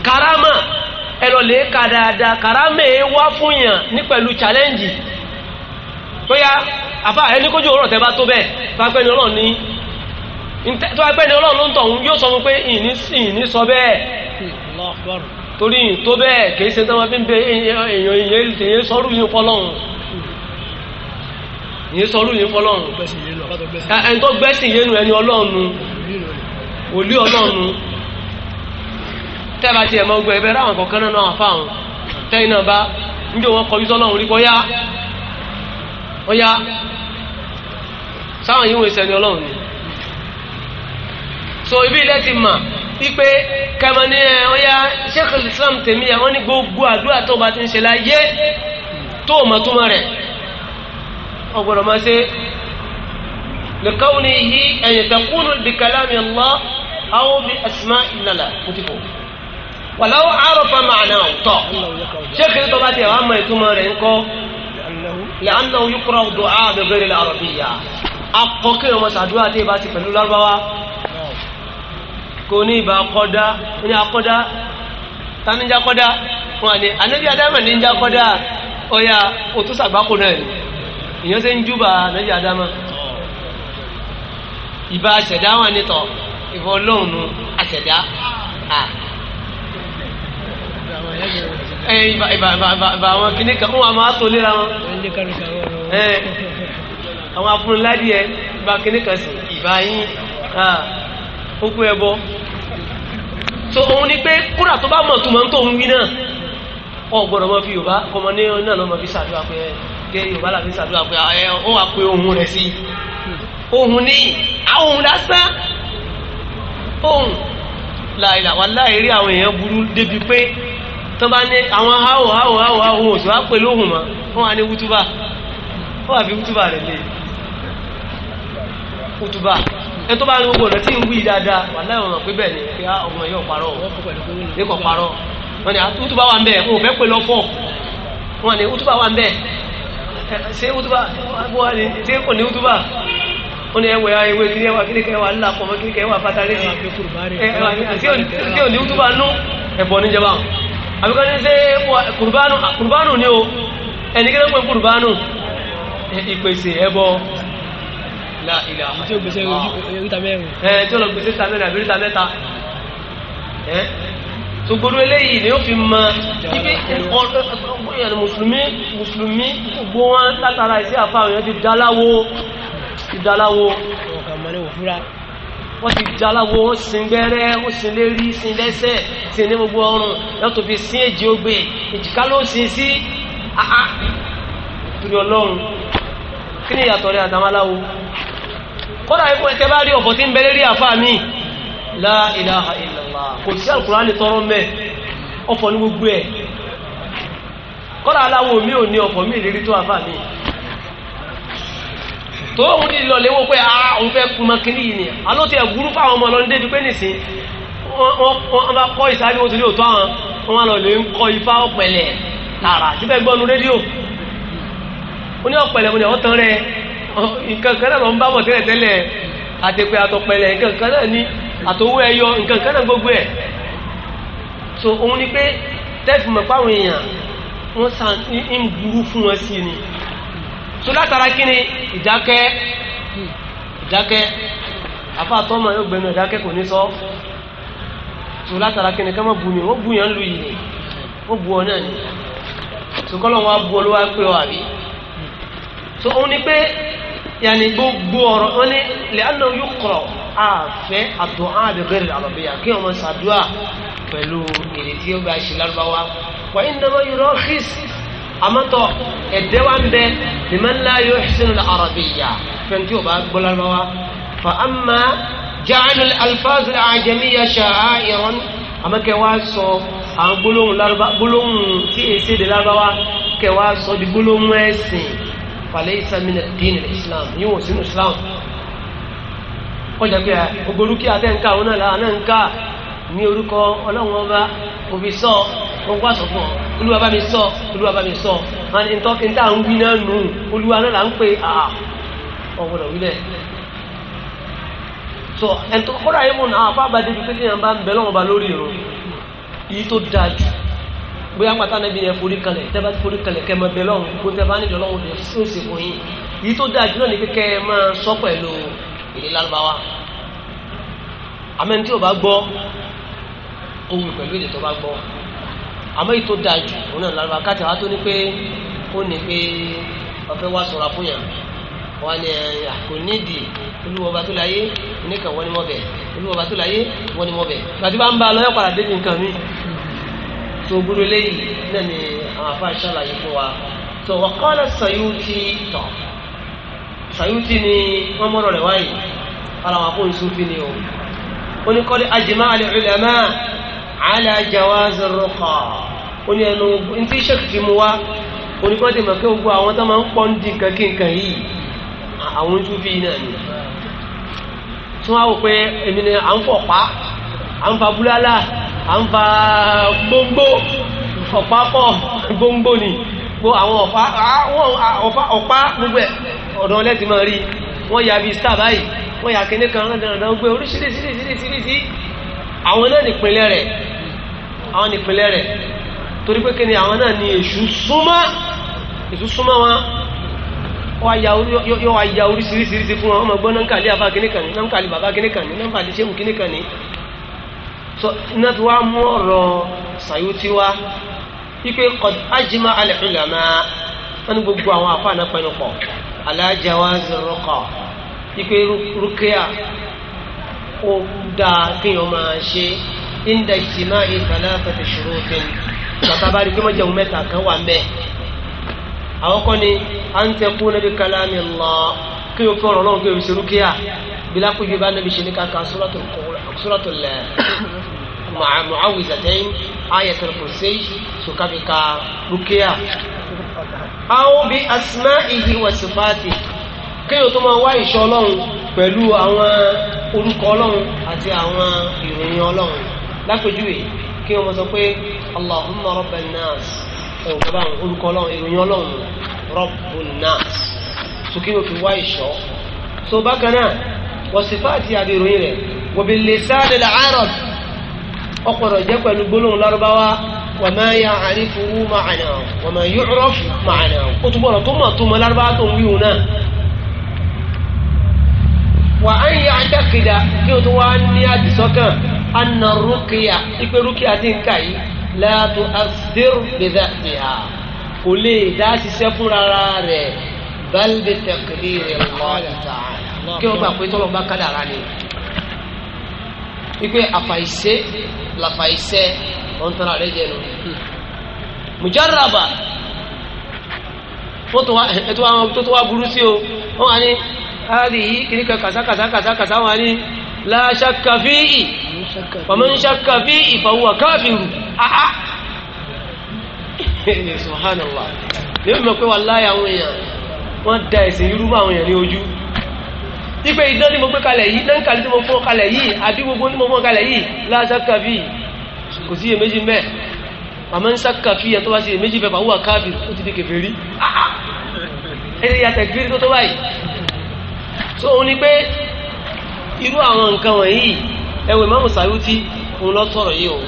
karama ẹlọ́lẹ̀ ka dáadáa karama wá fún yàn ní pẹ̀lú challenge bóyá àbá ẹni kójú ọ̀rọ̀ tẹ́ bá tó bẹ́ẹ̀ bá pẹ́ni ọlọ́run ń tọ̀hún yóò sọ fún pé ìní sọ bẹ́ẹ̀ torí ìyìn tó bẹ́ẹ̀ kìí ṣe fi ń tẹ́lá tiẹ̀ mọ́ gbẹ ẹbẹ ráwọn kọ̀ọ̀kan náà náà fáwọn tẹ́yìn náà bá níjọ́ wọn kọjú sọ́nà òun rí kọ́ yá wọ́n yá sáwọn yìí wọ́n ìsẹ̀ni ọlọ́run ni so ibi ilẹ̀ ti mà wípé kẹmọ ní ẹ wọ́n yá Sheikh Islam Tèmíyà wọ́n ní gbogbo àdúrà tó bá ti ń ṣe láyé tó mọ̀ tó mọ̀ rẹ̀ ọgbọ̀rọ̀ máa ṣe lẹ́kọ̀ọ́ ni yìí ẹ̀yìn tẹ̀kúnù bi kalami Allah aw bi asma'i Allah kútìkọ̀ wàláwọ́ àròfà màánà tọ̀ ṣé kìí tọ́ bá tiẹ̀ wàá mọ ìtumọ̀ rẹ̀ ńkọ́ lẹ́ànà yukura dùn á bẹ̀rẹ̀ lẹ́ àròbíyà akọ kí ọmọ sàdúrà tẹ́ bá ti pẹ̀lú lárúbáwá kò ní ìbá akọ́dá ní akọ́dá tani ń jákọ́dá wọn àní anabi adama ní ń jákọ́dá òtúnṣàgbákò náà ni èèyàn ṣe ń júbà anabi adama ìbá àṣẹ̀dá wọn ni tọ̀ ìbọn ọlọ́run àṣẹ̀dá ẹ̀yìn eh, ìbà àwọn kìíní kan wọ́n máa tó léra wọn eh, àwọn afúniládìí ẹ ìbà kìíní kan sí ìbà yín ó kú ẹbọ so òun ni pé kúrà tó bá mọ̀ tó mọ̀ ń tó ń wí náà ọgbọ̀rọ̀ mọ́ fi yorùbá ọmọ ní náà lọ́mọ fi ṣàdúrà pé gẹ́ yorùbá làbí ṣàdúrà pé ẹ ó wà pé ohun rẹ̀ sí ohun ní àwọn ohun lásán ohun làìlà láì rí àwọn èèyàn burú débi pé tó bá ní àwọn háwò háwò háwò háwò òṣù wá pẹ̀lú ohun ma wọ́n wá ní wútúbà ó wà fi wútúbà rẹ̀ lè wútúbà ẹ tó bá ní gbogbo rẹ̀ tí ń wí dáadáa wà láwọn pé bẹ́ẹ̀ ni pé ah, ọmọ yóò parọ́ ní parọ́ wọ́n ní wútúbà ah, wà ń bẹ̀ wọ́n fẹ́ pẹ̀lú ọ̀fọ̀ wọ́n ní wútúbà wà ń bẹ̀ ní ní àbíkọ́ ní ṣe kùrùbánù ní o ẹnikẹ́lẹ́ pé kùrùbánù ìpèsè ẹbọ tí ó gbèsè oríta mẹ́rin ẹ̀ tí ó lọ gbèsè tàmẹ́rin àbí oríta mẹ́ta ẹ́ tó gbogbo eléyìí ni ó fi mọ ibi ọ̀rọ̀ mùsùlùmí mùsùlùmí gbogbo wọn látara ìsí àfáà yẹn ti dáláwo ti dáláwo ọ̀kà mọ́lẹ́wò fúra wọ́n ti da aláwo wọ́n sin gbẹ́rẹ́ wọ́n sin lérí sin lẹ́sẹ̀ sin ní gbogbo ọrùn yóò tó fi sin èjì ogbè èjìká ló sin sí aha torí ọlọ́run kí ni ìyàtọ̀ rẹ̀ àtàwọn aláwo kódà ikú ẹtẹ bá rí ọ̀bọ̀ tí ń bẹ lérí àfa mi la ilaha illallah kò sí àlùkùránì tọrọ mẹ ọ̀fọ̀ ní gbogbo ẹ̀ kódà aláwo mi ò ní ọ̀fọ̀ mi ìlérí tó àfa mi tó òun ti lọ léwó pé ah òun fẹ́ kuma kínní yìí ni àló tiẹ̀ burú fáwọn ọmọ lọ́nà débi pé nìsín wọ́n bá kọ́ ìsáájú wọn torí òótọ́ àwọn wọn lọ lè ń kọ ifá ọ̀pẹ̀lẹ̀ tààrà síbẹ̀ gbọ́nu rédíò ó ní ọ̀pẹ̀lẹ̀ mo ní ọ̀tán rẹ nǹkan kan náà lọ ń bá bọ̀ tẹ́lẹ̀ tẹ́lẹ̀ àtẹ̀pẹ́ àtọ̀pẹ̀lẹ̀ nǹkan kan náà ní àtòwó ẹyọ nǹkan kan náà gbogbo ẹ̀ so òun ni pé tẹ́fù mọ̀ páwọn èèyàn wọ́n sàn ń Hmm. tó látara kí ni ìdákẹ́ ìdákẹ́ àfa tọ́mọ yóò gbẹnu ìdákẹ́ kò ní sọ tó látara kí ni ká má bu mi wọ́n bu yẹn lu yìí wọ́n bu ọ náà ni sùkọ́lọ́ wọn bu olówó pé ọ àbí tó òun ni pé yàní gbogbo ọ̀rọ̀ wọn ni lẹ́yìn yóò kọ̀ àfẹ́ àtọ̀ àbẹ̀bẹ̀rẹ̀ àbàbẹ̀yà kí wọ́n máa pẹ̀lú èrè tí ó bá wà ní ìdáwọ́ yìí rọ́ọ̀kì sí àmọ́tọ̀ ẹ̀dẹ́ wa ń bẹ liman la yuhsinu al-arabiyya fẹ́ntì ò bá gbọ́ lárúbáwá fa amma ja'alu al-alfaz al-ajamiyya sha'iran àmọ́ kẹ́ wá sọ àwọn gbólóhùn lárúbá gbólóhùn tí èsì èdè lárúbáwá kẹ́ wá sọ di gbólóhùn ẹ̀sìn falaysa min ad-din al-islam yíwọ̀n sínú islam kọjá pé ogorúkí àtẹ̀ǹkà òun náà ní orúkọ ọlọ́run ọba òbí sọ gbogbo àsọ̀fọ̀ olúwa bá mi sọ olúwa bá mi sọ àni ntọ́kí ntá ń wí náà nù olúwa náà là ń pè á ọ̀gbọ̀dọ̀ wílẹ̀ so ẹ̀ntọ́ kọ́dà yìí mò ń àwọn afábà débi pé kéèyàn bá ń bẹ lọ́wọ́ ba lórí ìrún yìí tó dáa jù bóyá pátá níbi yẹn forí kalẹ̀ tẹ́ bá forí kalẹ̀ kẹ́ máa bẹ lọ́wọ́ kó tẹ́ bá nídìí ọlọ́wọ́ yẹn fún ìsìnkú yìí yìí tó dáa jù náà ní kékẹ́ máa sọ pẹ̀lú ìlú lálùbáwá àmọ́ tí o bá gbọ́ ohun pẹ̀lú èdè tó bá gbọ́ àmọ́ èyí tó dáa jù òun náà lárúbá káàtì àwọn tó ní pé ó ní pé ọ̀fẹ́ wá sọ̀rọ̀ fún yàn wà ní kò nídìí olúwọba tó láyé oníkan wọ́n ni mọ́ bẹ̀ olúwọba tó láyé wọ́n ni mọ́ bẹ̀ gbàtí bá ń bá lọ́yọ̀ padà débi nǹkan mi tó gbúdọ̀ léyìí náà ni àwọn afá ṣàlàyé fún wa tó wà qala Sayuti tọ̀ Sayuti ni wọ́n mọ̀rọ̀ rẹ̀ wáyé ara wọn kò ni o oníkọ́lé ajma' al-ulama' ala jawaz ar-ruqa oní ẹnu ntí sẹ́kìtì mu wá oníkọ́ ti mọ̀ kí gbogbo àwọn tó máa ń pọ́n di nǹkan kí nǹkan yìí àwọn tó fi náà ni tí wọ́n á wò pé èmi ni à ń fọ̀pá à ń fa búlálà à ń fa gbóngbó ọ̀pá pọ̀ gbóngbó ni gbogbo àwọn ọ̀pá gbogbo ẹ̀ ọ̀dọ̀ ọlẹ́tì máa rí wọ́n ya bíi star báyìí wọ́n ya kíní kan dandandan gbé oríṣiríṣiríṣiríṣi àwọn náà nìpínlẹ̀ rẹ̀ àwọn nìpínlẹ̀ rẹ̀ torí pé kíni àwọn náà ni èṣù súnmọ́ èṣù súnmọ́ wọn yóò wá ya oríṣiríṣiríṣi fún wọn ọmọ gbọ́n náà kàlí àbá kíní kan ní náà kàlí bàbá kíní kan ní náà kàlí ṣéwù kíní kan ní. so iná tí wàá mú ọ̀rọ̀ Sayuti wá wípé qad ajma wọn ní gbogbo àwọn àfa náà pẹnu pọ̀ alájàwázi rọkọ ipe rúkìá ó dáa kéèyàn máa ṣe inda ìtìmá ìtàlá àtàtì ṣòro òfin bàtà bá rí pé mọ́jẹ̀mú mẹ́ta kan wà mẹ́ àwọn kan ni à ń tẹ́kú níbi kalami Allah kí o fẹ́ ọ̀rọ̀ náà kí o ṣe rúkìá bílá kó yóò níbi ṣe ní kankan suratul eh, mu'awwizatayn ayatul kursi sùkàbíkà rúkìá àwọn bí asma'ihi wa sifati kéèyàn tó máa wá ìṣọ́ ọlọ́run pẹ̀lú àwọn orúkọ ọlọ́run àti àwọn ìròyìn ọlọ́run lápèjúwe kí wọ́n sọ pé allahumma rabban nas ẹ̀wọ̀n bàbá àwọn orúkọ ọlọ́run ìròyìn ọlọ́run rabbun nas so kí wọ́n fi wá ìṣọ́ so bákan náà wa sifati àti ìròyìn rẹ̀ wa bil lisan al arab ọ̀pọ̀lọ̀ jẹ́ pẹ̀lú gbólóhùn lárúbáwá وما يعرفه معناه وما يعرف معناه وتبارا ثم ثم الأربعة يونا وأن يعتقد يتواني أدسكا أن الرقية يقول رقية تنكاي لا تؤثر بذاتها قولي داسي سفر بل بتقدير الله تعالى كيف أقول لك بكذا wípé àfàìṣe làfàìṣe ọ̀ntàn àrẹ jẹ nù. mujaraba tó tó wá burú sí o wọ́n wá ní áàdì yìí kìíní kan kàṣákàṣákàṣá la ní láṣàkà fíì faman ṣàkà fíì fahuwa káfíru àá ah, ah. subhanallah ní o mọ̀ pé wà láyà àwọn èèyàn wọ́n da ẹ̀sìn irú àwọn èèyàn ní ojú ipe iná ni mo gbé kalẹ̀ yìí náà kàlí tí mo fún kalẹ̀ yìí àbí gbogbo ni mo fún kalẹ̀ yìí láṣà kàbí kò sí iyèméjì mẹ́ àmọ́ ń sáka fi tó bá sí iyèméjì bẹ́ẹ̀ fàwọn àkáàbì ó ti di kèfèrí ẹni yàtẹ̀ gbérí tó tó báyìí so òun ni pé irú àwọn nǹkan wọ̀nyí ẹ̀wẹ̀ Imamu Suyuti òun lọ sọ̀rọ̀ yìí o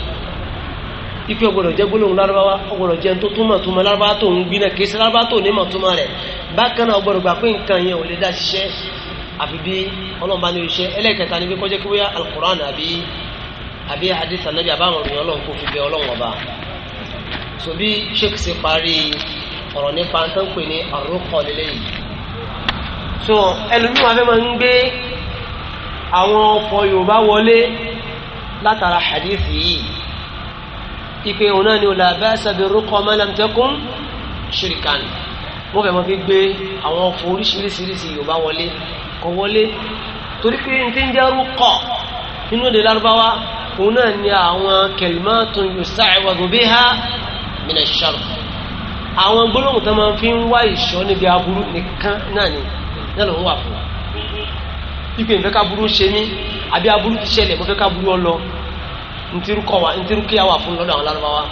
ife ọgbọdọ jẹ gbólóhùn lárúbáwá ọgbọdọ jẹ tó túmọ̀ túmọ̀ lárúbáwá tó ń gbiná kìí ṣe lárúbáwá tó ní mọ̀ túmọ̀ rẹ̀ bákan náà ọgbọdọ gbà pé nǹkan yẹn ò lè dá ṣiṣẹ́ àfi bí ọlọ́run bá ní oṣù ẹlẹ́kẹta níbi kọjá kí wíyá alukur'an àbí àbí adisa nàbí àbáwọn òyìn ọlọ́run kò fi bẹ ọlọ́run ọba so bí sheikh ṣe parí ọ̀rọ̀ nípa tó ń pè ní àrùkọ lélẹ́yìí so ẹlòmíì wọn fẹ́ máa ń gbé àwọn ọkọ̀ yorùbá wọlé látara hadithi yìí ipe òun náà ni ò làbẹ́ sàbẹ̀rù kọ́ mẹ́lẹ́mtẹ́kùn ṣìrìkànnì wọ́n fẹ́ mọ́ fi gbé àwọn ọkọ̀ oríṣiríṣiríṣi yorùbá wọlé kọ wọlé torí pé n ti ń jẹ́rú kọ̀ nínú èdè lárúbáwá òun náà ni àwọn kalimatun yusa'wadu biha min ash-sharr àwọn gbólóhùn tó máa fi ń wá ìṣọ́ níbi aburú nìkan náà ni náà ló ń wà fún wa ipe ìfẹ́ kaburú ṣe mí àbí aburú ti ṣẹlẹ̀ mo fẹ́ kaburú ọ lọ ntirukọ̀ wa ntirukíyà wà fún lọ́dọ̀ àwọn lárúbáwá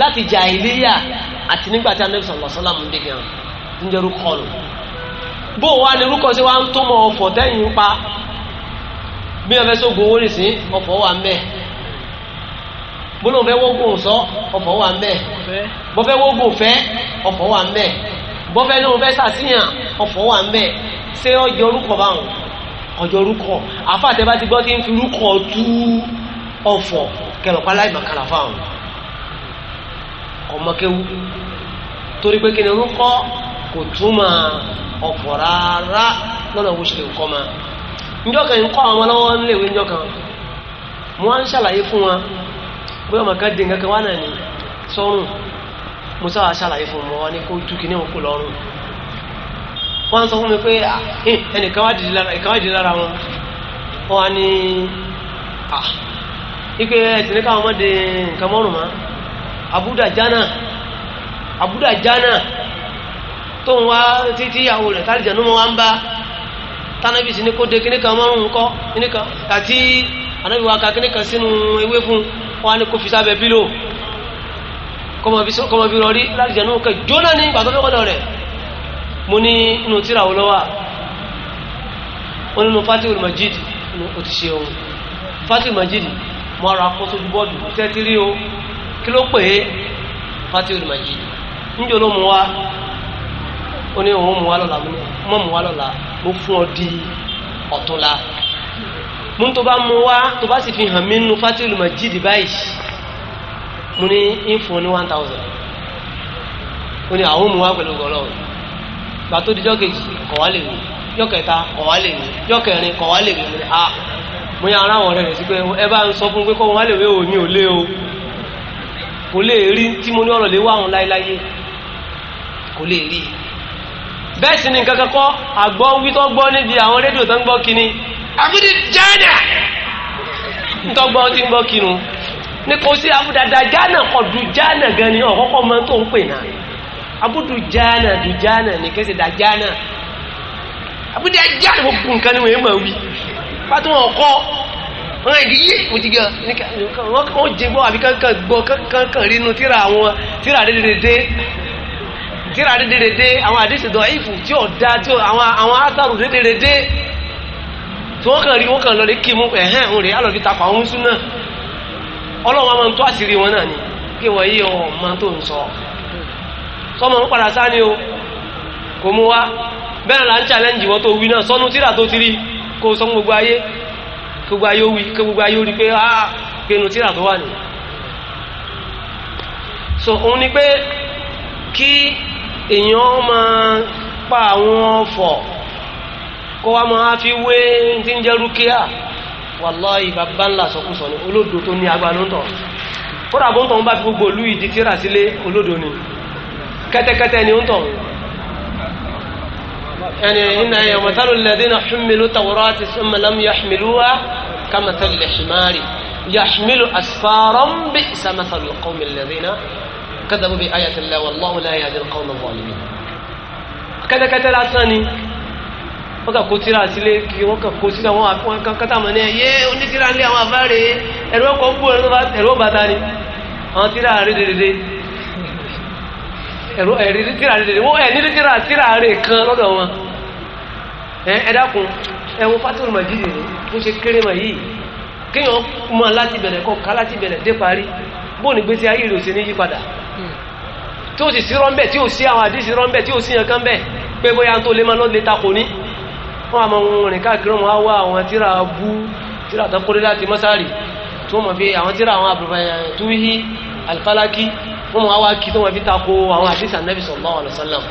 láti jàhílíyà àti nígbà tí anabi sọlọ sọlámù dé gan ń jẹrú kọlù bó wa ni rúkọ sí wa ń tó mọ ọ̀fọ̀ tẹ̀yìn ń pa bí wọn fẹ́ sógun owó rì sí ọ̀fọ̀ wà ń bẹ bólú fẹ́ wógun sọ ọ̀fọ̀ wà ń bẹ bó fẹ́ wógun fẹ́ ọ̀fọ̀ wà ń bẹ bó fẹ́ ní wọn fẹ́ sàṣìyàn ọ̀fọ̀ wà ń bẹ ṣé ọjọ́ orúkọ báwọn ọjọ́ orúkọ àfàtẹ́ bá ti gbọ́ tí ń fi orúkọ tú ọ̀fọ̀ kẹlọ̀pá láì màkàlà fáwọn. kọ̀mọ́kéwú torí pé kíni ń kọ́ kò túmọ̀ ọ̀pọ̀ rárá lọ́nà owó ṣe kọ́ ma njọ́ kan ń kọ́ àwọn ń njọ́ kan mo wá ń ṣàlàyé fún wa bóyá ọmọ kan dé nǹkan wá náà sọ́run mo sábà ṣàlàyé fún wọn wọn kó tú kíní òkú lọ́rùn wọ́n sọ fún mi pé ah, eh, wá dìde lára abúdàjánà abúdàjánà tó ń wá títí ìyàwó rẹ̀ tálìjànú mọ́ wá ń bá tánàbí sí ní kó de kíníkan márùn-ún kọ́ kíníkan àti anábì wa ka kíníkan sínú ewé fún wa ní kó fi sábẹ́ bílò kọ́mọ fi rọrí tálìjànú kẹ jóná ní ìgbà tó fẹ́ kọ́dọ̀ rẹ̀ mo ní inú tíra wo lọ́wọ́ onínú fatihul majid ó ti ṣe ohun fatihul majid mo ara kó sójú bọ́ọ̀dù tẹ́tírí o. kí ló pè é Fatihul Majid níjọ́ ló mú wa ó ní òun mú wa lọ́la mọ́ mú wa lọ́la mo fún ọ di ọ̀túnla mo tó bá mú wa tó bá sì fi hàn mí one thousand ó ní àwọn wa pẹ̀lú tó kejì kọ̀ wá lè kọ̀ wá lè kọ̀ wá lè mo ah, ara rẹ̀ kò lè rí tí mo ní ọ̀rọ̀ lè wáhùn láéláyé kò lè rí bẹ́ẹ̀ ni nǹkan kọ́ gbọ́ níbi àwọn rédíò tó ń gbọ́ kíni àbúdí jẹ́nà ntọ́gbọ́ tí ń gbọ́ ní kò sí jẹ́nà ọ̀dù jẹ́nà gan ni ọ̀kọ́kọ́ mọ́ tó ń pè náà jẹ́nà dù jẹ́nà ní kẹsì dà jẹ́nà wọ́n ìdí yí mo ti gbé wọ́n jẹ gbọ́ àbí kankan gbọ́ kankan rínú tíra àwọn tíra dédédé tíra dédédé àwọn àdéṣèdọ̀ ìfù tí ó dá tí àwọn átàrù dédédé tí wọ́n kàn rí wọ́n kàn lọ lè kí mú ẹ̀hẹ́n òun rèé alọ́bí takọ̀ àwọn oúnjẹ náà ọlọ́wọ́n máa ń tó àṣírí wọn náà ni kí wọ́n yí ọ̀hún máa tó ń sọ sọmọ ń padà o kò mú bẹ́ẹ̀ ń challenge wọ́n kí gbogbo ayé wí kí gbogbo ayé rí pé ah pinnu tíra tó wà so òun ni pé kí èèyàn máa pa àwọn ọ̀fọ̀ kó wá máa fi wé tí ń jẹ́ rúkìá wàláhì bàbá ńlá sọkúsọ ni olódo tó ní agbára ló ń tọ̀ bó ń tọ̀ ń bá fi gbogbo olú ìdí tíra sílé olódo ni kẹ́tẹ́kẹ́tẹ́ ni ó ń tọ̀ يعني إن مثل الذين حملوا التوراة ثم لم يحملوها كمثل الحمار يحمل أسفارا بئس مثل القوم الذين كذبوا بآية الله والله لا يهدي القوم الظالمين كذا كتل أساني wọ́n kà kó tíra sílé kí wọ́n kà kó sílé àwọn àwọn kátàmọ́ ní ẹ̀yẹ́ onítíra ní àwọn afáre ẹ̀rọ ọkọ̀ gbó ẹ̀rọ bàtà ni àwọn tíra rí dédédé ẹ̀rọ ẹ̀rí tíra rí dédédé wọ́n ẹ̀ ní tíra tíra rí kan lọ́dọ̀ wọn ẹ̀ ẹ̀dákun ẹ̀wọ̀n fátìrì màjídì ní bó ṣe kéré mọ̀ yìí kéèyàn mọ̀ láti bẹ̀rẹ̀ kọ́ ká láti bẹ̀rẹ̀ dé parí bó ní gbèsè ayé rẹ̀ ò sí ní yípadà hmm. tí ó sì sí rọ́ńbẹ̀ tí ó sí àwọn àdísí rọ́ńbẹ̀ tí ó sí yankan bẹ̀ pé bóyá tó lé máa lọ́ lé takò ní wọ́n àmọ́ wọn rìn káàkiri wọn á wá àwọn tíra bú sallallahu alaihi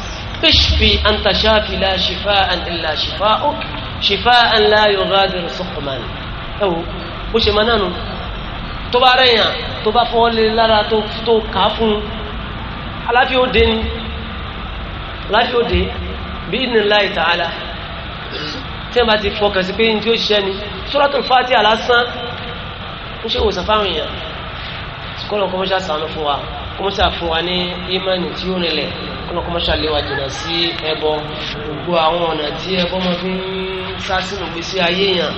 ishfi anta shafi la shifaan illa shifauk shifaan la yughadiru suqman ẹ wo bó ṣe máa nánu tó bá rẹ̀yàn tó bá fọwọ́ lé lára tó tó kà á fún un aláfi ó dé ni aláfi ó dé bí idhnillahi ta'ala tí wọ́n bá ti fọkàn sí pé ní tí ó ṣiṣẹ́ ni suratul Fatiha lásán ń ṣe ìwòsàn fáwọn èèyàn kọ́lọ̀ kọ́mọ́ṣà sànú fún wa kọ́mọ́ṣà fún wa ní ìmánì tí ó rinlẹ̀ ọ̀nà kọ́mọ́ṣà lè wà jìnnà sí ẹbọ gbogbo àwọn ọ̀nà tí ẹbọ máa fi ń sá sínú gbèsè ayé yàn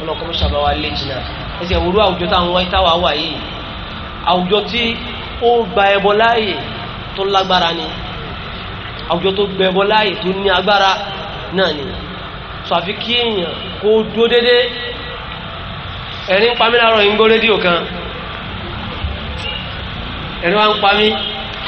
ọ̀nà kọ́mọ́ṣà bá wà lè jìnnà ẹsẹ̀ òwúrọ̀ àwùjọ táwọn wáyé táwa wà yìí àwùjọ tí ó gba ẹbọ láàyè tó lágbára ni àwùjọ tó gba ẹbọ láàyè tó ní agbára náà ni sọ kí èèyàn kó dúró déédéé ẹ̀rín pamílárọ̀ yìí ń gbọ́ rédíò kan ẹ̀rín wa ń pamí.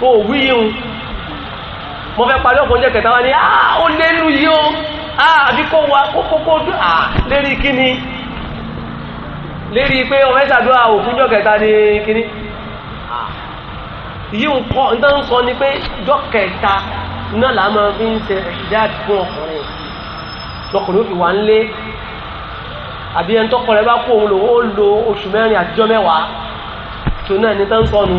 o wí o mo fẹ́ parí ọ̀pọ̀ oúnjẹ kẹta wá ní ah ó lẹ́nu yìí ó ah àbí kó wa kókókó ah lérí kíni lérí pé ọmọ ìṣàdúrà òfúnjọ kẹta ní kíni ah, yíò kọ́ ǹtọ́ ń sọ ni pé ìjọ kẹta náà là máa fi ń ṣe ìdáàdì fún ọkùnrin lọkùnrin ó fi wà ń lé àbí ẹni tọkọ rẹ bá kó òun lò ó lo oṣù mẹ́rin àtijọ́ mẹ́wàá tó náà ní tán sọnù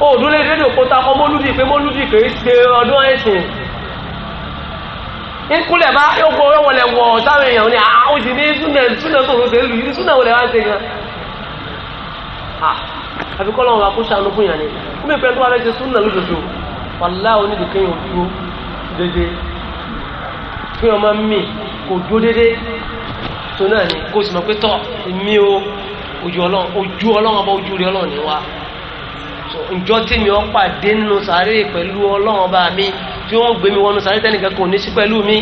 òdún lè rédíò kó takọ mólúdì pé mólúdì kìí ṣe ọdún ẹ̀sìn ń kúlẹ̀ bá yóò wọlé wọ sáwọn èèyàn ní àwọn ah, òsì ní súnà súnà tó rọ̀ṣẹ̀ lù yìí súnà wọlé wá ṣe gan ah, àbí kọ́ lọ́wọ́ akóṣà ló fún yàn ni fún mi pẹ́ tó wà lẹ́sẹ̀ súnà lódodo wàlá onídìkẹ́ yóò dúró dédé kí wọ́n máa mì kò dúró dédé tó náà ni kó sì mọ̀ pé tọ́ mi o ojú ọlọ́run ojú ọlọ́run ọba ojú rẹ ọlọ́run ni wá ǹjọ́ tí mi ọ́ pàdé nínú sàárè pẹ̀lú ọlọ́run ọba mi tí wọ́n gbé mi wọnú sàárè tẹ́nìkan kò ní sí pẹ̀lú mi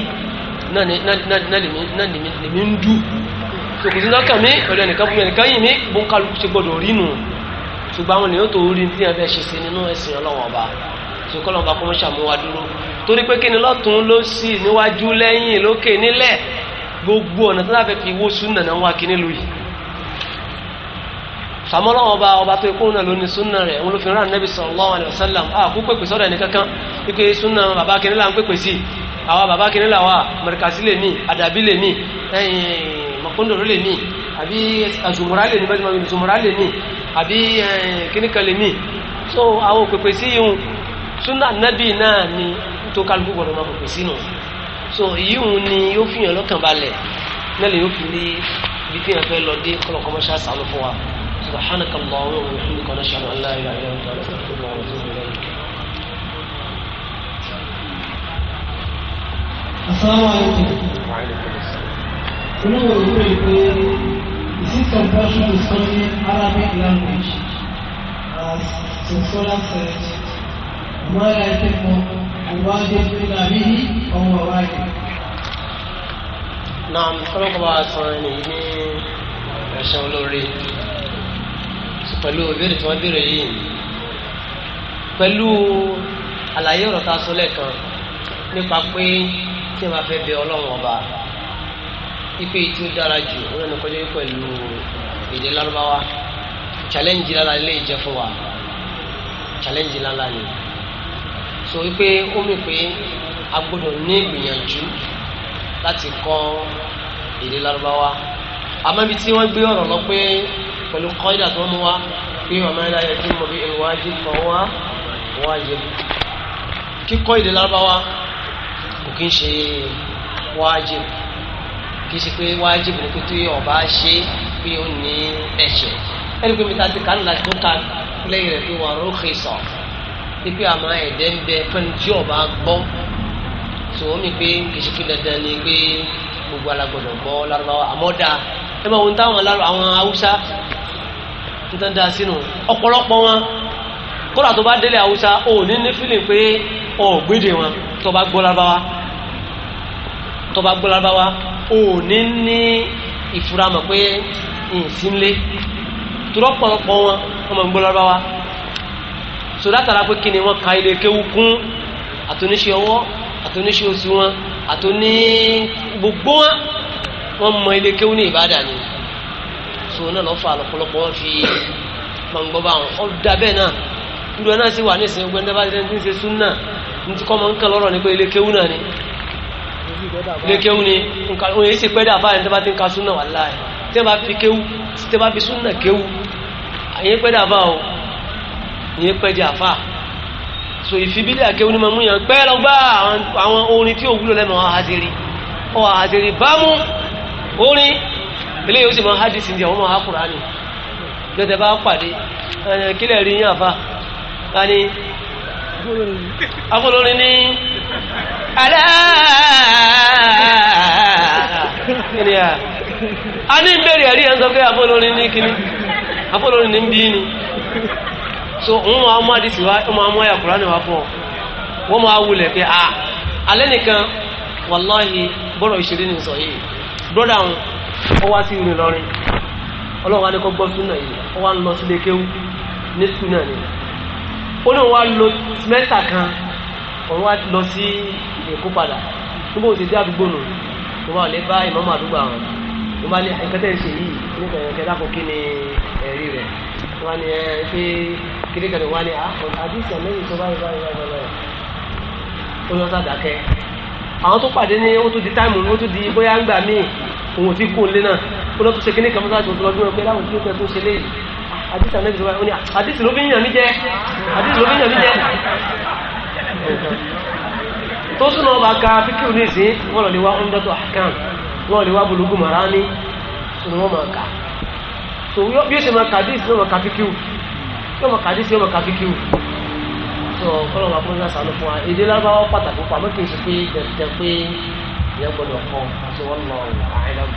náà lèmi ń dú tòkùtì lọ́kàn mi pẹ̀lú ẹnìkan fún mi ẹnìkan yìí mi gbóǹkálukú ṣe gbọ́dọ̀ rí nù ṣùgbọ́n àwọn ènìyàn tó rí ní ẹ̀fẹ́ ṣe sí nínú ẹ̀sìn ọlọ́run ọba ṣùkọ́lọ́ ọba kún ṣàmúwá dúró torí pé kí ni lọ́tún ló sì níwájú lẹ́yìn lókè nílẹ̀ gbogbo ọ̀nà tó láfẹ́ fi wó sún nàná wá kí nílùú yìí sàmọ́lọ́ ọba ọba tó ikú náà lóní súnà rẹ̀ òun ló fi rán nẹ́bí sallallahu alaihi wasallam àkú pèpè sọ́dọ̀ ẹni kankan wípé súnà bàbá kìnìlá ń pèpè sí àwa bàbá kìnìlá wa mọ̀rìkàsí lè ní àdàbí lè ní mọ̀kúndòrò lè ní àbí àzùmùrá lè ní bẹ́ẹ̀ àzùmùrá lè ní àbí lè ní so àwọn pèpè sí ihun súnà nẹ́bí ni tó kálukú gbọ́dọ̀ máa pèpè so yíhun ni yóò fi hàn lọ́kàn balẹ̀ náà lè yóò fi ní ibi tí yẹn fẹ́ wa. سبحانك اللهم وبحمدك ونشهد ان لا اله الا انت نستغفرك ونتوب اليك السلام عليكم وعليكم السلام olówó ìwé ìpè ìsìn compulsion is only Arabic language as the scholar said wọ́n yà ẹ̀kẹ́ mọ́ ìwádìí ìpínlẹ̀ àbí ọmọ wáyé. naam sọ́nà kọ́ba sọ ẹni ní ẹ̀sán pẹ̀lú ìbéèrè tí wọ́n béèrè yìí pẹ̀lú àlàyé ọ̀rọ̀ tá a sọ lẹ́ẹ̀kan nípa pé kí n máa fẹ́ bẹ ọlọ́run ọba ipe tí ó dára jù ó lẹ́nu kọjá yìí pẹ̀lú èdè lárúbáwá challenge lala ilé ìjẹ fún wa challenge lala ni so wípé ó mi pé a gbọ́dọ̀ ní ìgbìyànjú láti kọ́ èdè lárúbáwá àmọ́ ibi tí wọ́n gbé ọ̀rọ̀ lọ pé pẹ̀lú kọ́ídà tó mú wa pé ọmọ ẹ̀dá yẹ kí mo bí ìwájú kan wá wájú kíkọ́ èdè lárúbáwá kò kí ń ṣe wájú kì í ṣe pé wájú ni pé tí ọba ṣe pé ó ní ẹ̀ṣẹ̀ ẹni pé mi ta ti kánú láti tó ka lẹ́yìn rẹ̀ pé wà rókè sọ pípé àmọ́ ẹ̀dẹ́ ń bẹ fẹ́ni tí ọba gbọ́ tó omi pé kì í ṣe kí dandan ni pé gbogbo alágbọ̀dọ̀ gbọ́ lárúbáwá àmọ́ dáa ẹ máa wo ní táwọn àwọn haúsá ibi tó ń da sínú ọ̀pọ̀lọpọ̀ wọn kódà tó bá délé haúsá ò ní ní fílì pé ọ̀gbédè wọn tó bá gbọ́ lárúbáwá tó bá gbọ́ lárúbáwá ò ní ní ìfura mọ̀ pé ìsínlé turọ́pọ̀lọpọ̀ wọn ọmọ ń gbọ́ lárúbáwá so látara pé kí ni wọ́n ka ilé kéwú kún àtúnṣe ọwọ́ àtúnṣe oṣù wọn àtúní gbogbo wọn wọ́n mọ ilé kéwú ní Ìbàdàn so náà lọ́fà lọ́pọ̀lọpọ̀ wọn fi máa ń gbọ́ bá wọn ọ̀dà bẹ́ẹ̀ náà irú ẹ̀ náà sì wà ní ìsìn ogun ẹ̀dẹ́bá ti ń ṣe súnà ní ti kọ́ máa ń kàn lọ́rọ̀ ní pé ilé kéwú náà ni ilé kéwú ni òun èyí sì pẹ́ dà fáyẹn tẹ́ bá ti ń ka súnà wà láàyè tẹ́ bá fi kéwú tẹ́ bá fi súnà kéwú àyè pẹ́ dà fá o ìyẹn pẹ́ a fa so ìfibílẹ̀ àkéwú ni máa mú yàn pẹ́ lọ́gbà àwọn orin tí òwúlò lẹ́mọ̀ àhàzèrè ọ̀ àhàzèrè bámú orin ilé yóò sì máa hadith ní ọmọ akùránì lọ́tẹ̀ bá pàdé kílẹ̀ rí ri ya a ní akọlọrin ní alá a ní bẹ̀rẹ̀ ẹ̀rí ẹ̀ sọ pé ni ní kíní ní bí so òun ama di hadith wá ó máa mú àyà kùránì fún ọ wọ́n a ah, alẹ́ nìkan wàláhì bọ́rọ̀ ìṣeré ni sọ yìí ó wá sí ìlú Ìlọrin ọlọ́run adékọ́ gbọ́ súnà yìí ó wá ń lọ sílé kéwú ní súnà ni ó ní wọ́n á lo mẹ́ta kan òun wá lọ sí Èkó padà nígbà òsì dé àdúgbò nù mo máa lè bá ìmọ̀mọ́ àdúgbò àwọn mo máa ní nǹkan tẹ́ ń ṣe yìí nípa ẹ̀kẹ́ dákun kí ni ẹ̀rí rẹ̀ wọ́n ní ẹ pé kékeré kan wọ́n ní àdìsí àmẹ́yìn tó báyìí báyìí báyìí báyìí ó ní sá àwọn tó pàdé ní ó tó di táìmù ó tó di bóyá ń gbà míì òun ti kó lé náà ó lọ́ ṣe kíní kàmúsá tó lọ́dún ẹgbẹ́ láwọn tí ó fẹ́ tó ṣe léyìí àdìsí ló fi ń yàn mí ló fi ń yàn mí tó súnà ọba ka fíkìú ní ìsín wọ́n lọ tó kọ́lọ̀ wà fún lásán fún wa èdè lábáwá pàtàkì fún wa mọ́ kì í ṣe pé dẹ̀dẹ̀ pé ìyẹn gbọ́dọ̀ kọ́ àti wọ́n lọ àìlọ́.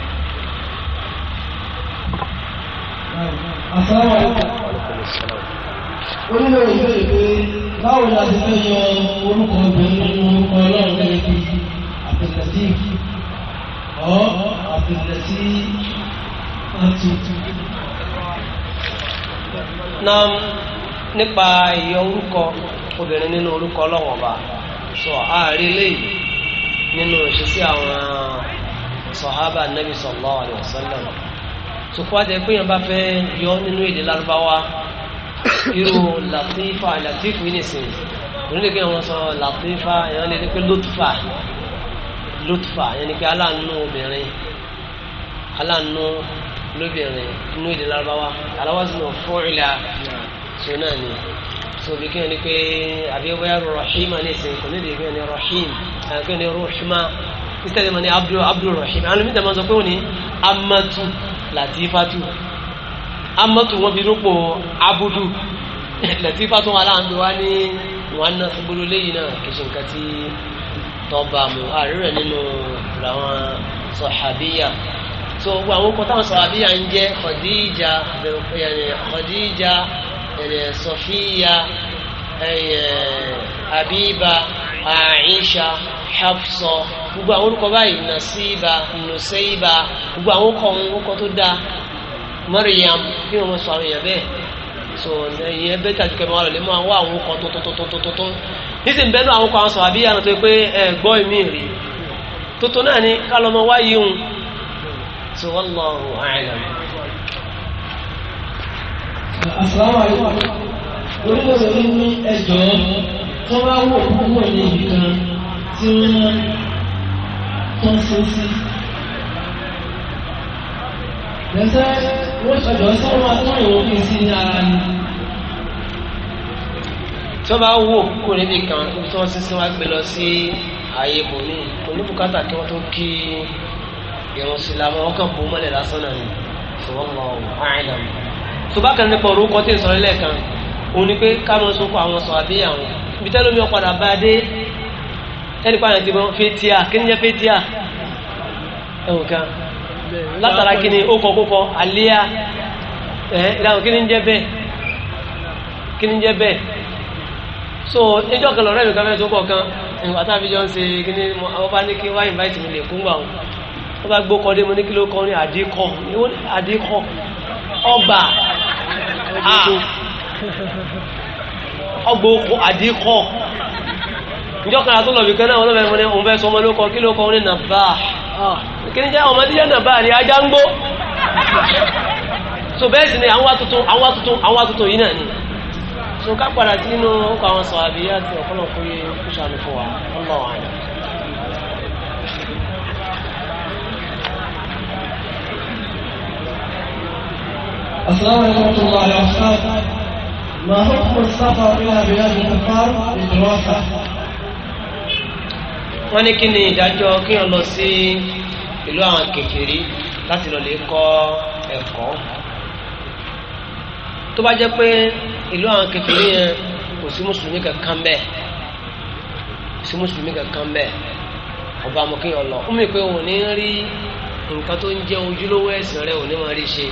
onílò ìbéèrè pé báwo la ti fẹ́ yọ orúkọ obìnrin nínú orúkọ ọlọ́run gẹ́gẹ́ bí àtẹ̀tẹ̀sí ọ́ àtẹ̀tẹ̀sí àtúntò. na nípa ìyọ orúkọ obìnrin nínú orúkọ ọlọ́wọ́n ọba sọ ààrẹ eléyìí nínú ìṣesí àwọn sọ̀hábà nẹ́bí sallallahu alaihi wasallam sọ̀kọ́jẹ́ pé yẹn bá fẹ́ yọ nínú èdè lárúbáwá irú làtífà làtífù yìí nìsín onílé kí wọ́n sọ làtífà yẹn lè ní pé lótùfà lótùfà yẹn ni pé aláàánú obìnrin aláàánú lóbìnrin nínú èdè lárúbáwá aláwọ̀ sínú fún ìlà tó náà ni sòbí kí wọn ni pé àbíwáyà rọ̀ṣìmà ní ìsìn kò ní ìdí kí wọn ni rọ̀ṣìm kí wọn ni rọ̀ṣìmà ìsẹ́lẹ̀ mọ̀ ní abdulrahim àwọn olùmíta máa sọ pé wọ́n ní amatu latifatu amatu wọ́n fi rúpò abudu latifatu aláàbí wá ní wọn náà gbogbo léyìn náà kì í ṣe nǹkan tí mu àárẹ̀ nínú àwọn sọ̀hábíyà so gbogbo àwọn ọkọ̀ táwọn sọ̀hábíyà ń jẹ́ Khadija Khadija صفية Habiba, Aisha, Hafsa gbogbo àwọn orúkọ báyìí Nasiba Nuseiba gbogbo àwọn orúkọ ohun orúkọ tó dáa Mariam bí wọn sọ àwọn èèyàn so ìyẹn tàbí kẹmọ mọ àwọn àwọn orúkọ àwọn orúkọ àfúráwà yìí wà onígbèsè ní ní ẹjọ́ tó bá wò púpọ̀ ní ibi kan tí wọ́n tó ń sin sí. lẹ́sẹ̀ wọ́n ṣàjọ́ sọ́wọ́ máa tó ìwọ̀n kí n sí ní ara ni. tó bá wò púpọ̀ níbi kan tó ń sin sí wá gbé lọ sí ààyè bòmí oníbùkátà kí wọ́n tó kí irun sí lamọ́ ọkàn bò mọ́lẹ̀ lásán náà ni. sọ́wọ́n mọ́ ọ̀hún àìlàmù ṣùgbọ́n kan nípa orúkọ tí ń sọ lẹ́ẹ̀kan òun ni pé ká máa sọkọ àwọn sọ àbí àwọn ibi tẹ́lẹ̀ omi ọ̀padà bá dé tẹ́lẹ̀ pààyàn ti mọ fetia kí ni jẹ́ fetia ẹ̀wọ̀n kan látara kí ni ó kọ kókọ àlíyá ẹ̀ ìdáhùn kí ni jẹ́ bẹ́ẹ̀ kí ni jẹ́ bẹ́ẹ̀ so ẹjọ́ kan lọ́rẹ́ mi kan fẹ́ tó kọ̀ kan ìgbà tá a ń ṣe kí ni àwọn bá ní kí wá invite mi lè kún gbà wọn wọ́n bá gbó dé mo ní kí ló kọ́ ní àdíkọ́ ọba ọgbọ̀ àdíkọ̀ ìjọ kan àtúnlọ̀ bí náà na lọ́fẹ́ òun fẹ́ sọmọ ló kọ kí ló kọ ní nàbà kí ní jẹ́ ọmọ tí jẹ́ nàbà rí ajá ń gbó so bẹ́ẹ̀ sì ni àwọn atuntun àwọn atuntun àwọn atuntun yìí náà ni so ká padà sínú ọkọ̀ àwọn sọ̀rọ̀ ọ̀pọ̀lọpọ̀ السلام عليكم ورحمة الله وبركاته ما حكم السفر إلى بلاد الكفار للدراسة؟ wọ́n ní kí ni ìdájọ́ kí wọ́n lọ sí ìlú àwọn kékeré láti lọ lè kọ́ ẹ̀kọ́ tó bá jẹ́ pé ìlú àwọn kékeré yẹn kò sí mùsùlùmí kankan bẹ́ẹ̀ kò sí mùsùlùmí kankan bẹ́ẹ̀ ọba amúkíyàn lọ ó mì pé òun ní rí nǹkan tó ń jẹ́ ojúlówó ẹ̀sìn rẹ̀ òun ní máa rí ṣe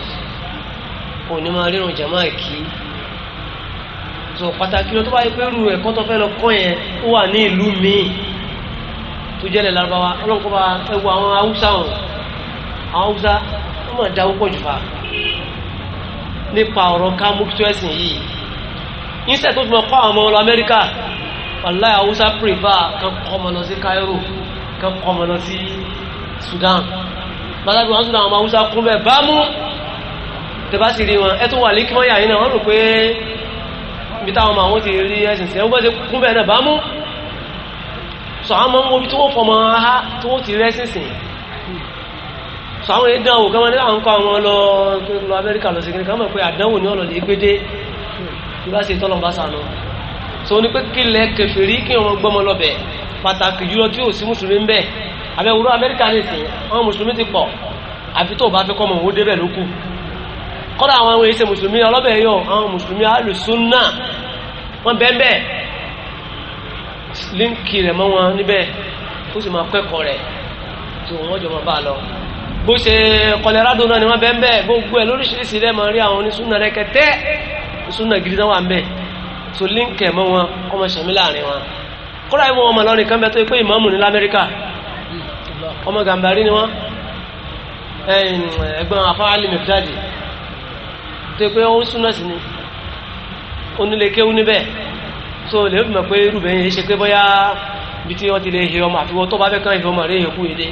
òní máa rírun jàmá kí sọ pàtàkì lọ tó bá yẹ pé rú ẹ̀kọ́ tó fẹ́ lọ kọ́ yẹn ó wà ní ìlú míì tó jẹ́lẹ̀ lárúbáwá ọlọ́nkọ́ bá ẹwọ àwọn haúsá wọn àwọn haúsá wọ́n máa dáwó pọ̀ jù fa nípa ọ̀rọ̀ ká mójútó ẹ̀sìn yìí ìṣẹ́ tó fi mọ̀ kọ́ àwọn ọmọ ọlọ Amẹ́ríkà wàláì haúsá pèrèfà kan kọ́ ọmọ lọ sí Cairo kan kọ́ ọmọ lọ sí Sudan bàtàkì wọn tún àwọn haúsá kún bẹ́ẹ̀ bámú tẹ́bá sì rí wọn ẹ tún wà líkímọ́yà yìí náà wọ́n rò pé ibi táwọn ọmọ àwọn ti rí ẹ̀sìn sí ẹgbẹ́ ti kún bẹ́ẹ̀ náà bá mú sọ àwọn ọmọ omi tí wọ́n fọmọ ha tí wọ́n ti rí ẹ̀sìn sìn sọ àwọn èdè àwò kan ní àwọn kọ́ àwọn lọ lọ Amẹ́ríkà lọ sí kí nìkan mọ̀ pé pàtàkì jùlọ tí ò sí mùsùlùmí bẹ́ẹ̀ abẹ́wòrán Amẹ́ríkà nìsín àwọn mùsùlùmí ti pọ̀ àfi tó bá fẹ́ kọ́ ọmọ òun débẹ̀ lókù kọ́dà àwọn àwọn èsè mùsùlùmí ọlọ́bẹ̀ yọ àwọn mùsùlùmí alùsùnà wọ́n bẹ́ẹ̀bẹ́ líǹkì rẹ̀ mọ́ wọn níbẹ̀ ó sì máa kẹ́kọ̀ọ́ rẹ̀ tó wọ́n jọ máa bá a lọ bó ṣe kọlẹ́rádò náà ni wọ́n bẹ́ẹ̀bẹ́ gbogbo ẹ̀ lóríṣiríṣi rẹ̀ máa rí àwọn onísùnà rẹ̀ kẹtẹ́ ìsùnà gidi náà wà ń bẹ̀ tó líǹkì mọ́ wọn kọ́ máa ṣàmì láàrin wọn kọ́dà ìwọ̀n ọmọ lọ́rin kan bẹ tó pé ìmáàmù ní lamẹ́ríkà ọmọ gàmbàrí ni wọ́n ẹ̀gbọ́n afárálì mẹ́fíjáde tó yẹ pé ó súná sí ni onílé kéwú níbẹ̀ so lè fi mọ̀ pé irúbẹ̀ yẹn ṣe pé bóyá bí tí wọ́n ti lè he ọmọ àfiwọ́ tó bá fẹ́ kán he ọmọ rẹ̀ yẹ kú yẹn dé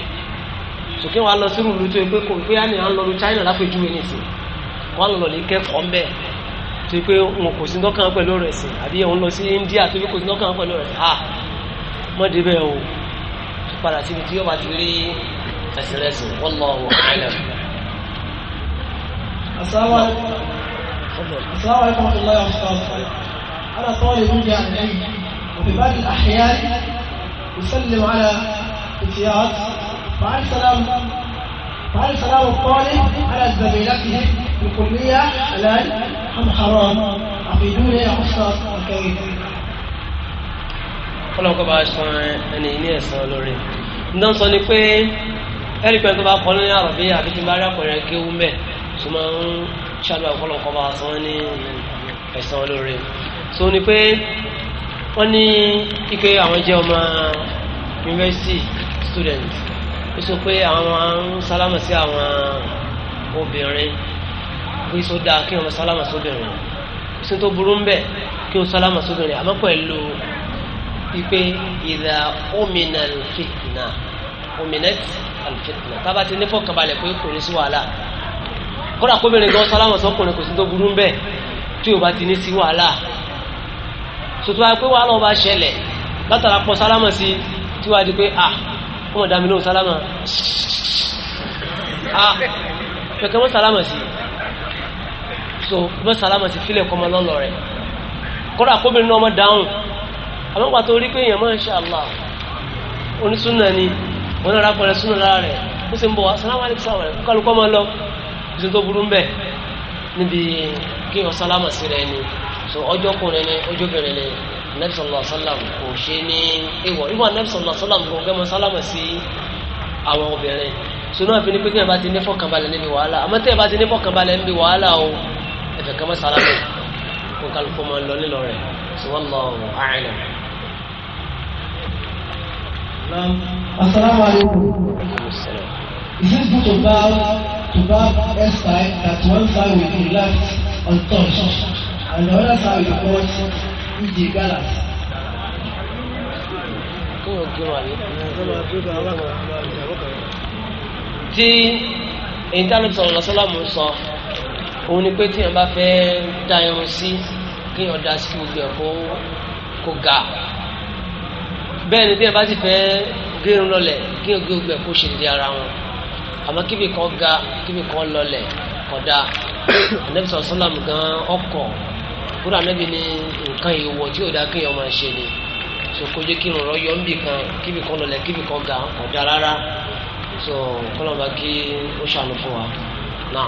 so kí wọ́n á lọ sí rúlu tó pé kò pé á ní à ń lọ lu China láfẹ̀júwe nìsín wọ́n á lọ lọ lè kẹ́kọ̀ọ́ ń bẹ̀ tó yẹ pé wọn kò sí dọ́kàn pẹ̀lú rẹ̀ sí àbí òun lọ sí India tó yẹ kò sí dọ́kàn pẹ̀lú rẹ̀ ah mọ́dé bẹ́ẹ̀ o padà síbi tí yóò bá ti rí ẹsẹ̀ rẹ̀ sí wallahu a'lam. asalaamualeykum. السلام عليكم ورحمة الله وبركاته أنا طالب يرجع العلم وفي بعض الأحيان يسلم على فتيات فهل سلام فهل سلام الطالب على زميلته في الكلية الآن أم حرام؟ أفيدوني يا أستاذ الكريم. Ọlọ́run kọ́ bá san ẹni ní ẹ̀sán lórí. Ǹjẹ́ ń sọ ni pé ẹ̀rí pẹ̀lú tó bá kọ́ ní àròbí àbí tí bá rí àpẹẹrẹ kéwú mẹ́ tó máa ń ṣáàdùn àkọlọ́kọ́ bá sọ ní ẹ̀sán olóore so ni pé wọ́n ní ike àwọn jẹ́ ọmọ university student ó sọ pé àwọn ń sálámà sí àwọn obìnrin pé sọ dáa kí wọ́n sálámà sóbìnrin sí tó burú ń bẹ̀ kí wọ́n sálámà sóbìnrin àmọ́ pẹ̀lú ipe ìdá ominal fitna ominat alfitna tábà ti ní fọkànbalẹ̀ pé kò ní sí wàhálà kódà kóbìnrin gan sálámọ̀ sọkùnrin kò sí tó burú bẹ́ẹ̀ tí o bá ti ní sí wàhálà sòtò wáyé pé wàhálà ọba ṣẹlẹ̀ látara pọ̀ sálámọ̀ sí tí wàá di pé à ah, wọ́n mọ̀ dàmínú sálámọ̀ à kẹ̀kẹ́ wọ́n sálámọ̀ sí so wọ́n sálámọ̀ sí fílẹ̀ kọ́mọ lọ́lọ́ rẹ̀ kódà kóbìnrin náà ọmọ dáhùn àmọ́ pàtó rí pé èèyàn máa ń ṣàlá onísúnà ni wọn náà rákọ̀ọ́rẹ́ súnà lára rẹ̀ ó sì ń bọ̀ wá sálámọ̀ àlẹ́ kùsùn tó burú ń bẹ̀ níbi kí ọ sí rẹ ni so ọjọ́ kùnrin ni ọjọ́ bẹ̀rẹ̀ ni anabi sallallahu alaihi wasallam kò ṣe ní ìwọ̀ ìwọ̀ anabi sallallahu alaihi wasallam kò gẹ́mọ sálámà sí àwọn obìnrin so náà fi ni pé kíyàn bá ti ní fọkànbalẹ̀ níbi wàhálà àmọ́ tẹ́yà bá ti ní fọkànbalẹ̀ níbi wàhálà o ẹ̀fẹ̀ kan mọ́ sálámà kó kálukú máa lọ nílọ rẹ̀ so wallahu a'lam. asalaamualeykum. Is it good to bow to bow S side that one side will be left untouched and the other side will be caught in the balance? tí èyí tá ló sọ lọ́sọ́lámù sọ òun ni pé tíyàn bá fẹ́ da irun sí kíyàn da sí gbogbo ẹ̀ kó kó ga bẹ́ẹ̀ ni tíyàn bá sì fẹ́ gé irun lọ́lẹ̀ kíyàn gé gbogbo ẹ̀ kó ṣe dédé ara wọn àmọ́ kíbi kan ga kíbi kan lọlẹ̀ kódà anabi sọ sọlámù gan ọkọ kúrò anabi ní nǹkan ìwọ tí òdà kéèyàn máa ṣe ni sokojú kí n ń bì kan kíbi kan lọlẹ̀ kíbi kan ga kódà rárá so kọlọmọba kí ó ṣàánú fún wa náà.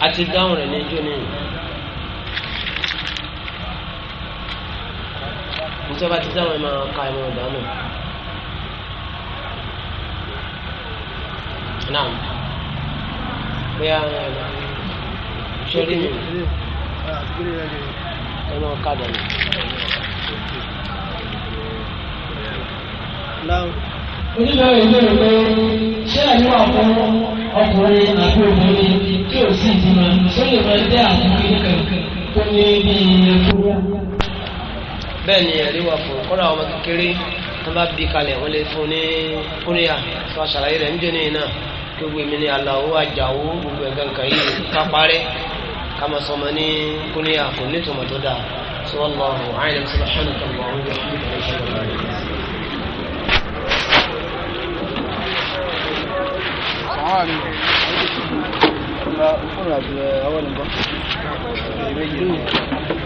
àti dáhùn rẹ̀ níjó ní ìjọba ti dáhùn ẹ̀ máa ka ẹ̀ máa dáhùn náà bóyá ṣẹ́rí mi ẹ̀ máa ka dànù oníbẹ̀rẹ̀ ìbéèrè pé ṣé àyíwá fún ọkùnrin àti obìnrin tí ò sí ìdímọ̀ tó lè máa jẹ́ àkùnrin kankan tó ní bí ẹ̀kọ́. bẹ́ẹ̀ ni ẹ̀rí wà fún kọ́dà ọmọ kékeré tó bá bí kalẹ̀ wọ́n lè fún ní kúríà tó aṣàlàyé rẹ̀ ń jẹ́ nìyí náà gbogbo èmi ni aláwo àjàwó gbogbo ẹ̀gán yìí ká parẹ́ ká máa sọmọ ní kúríà kò ní tòmọ̀ dáa sọ́wọ́n lọ́rùn àìlẹ́sọ̀rọ̀ ṣẹ́ni kan lọ́rùn yóò تعالي اولا اولا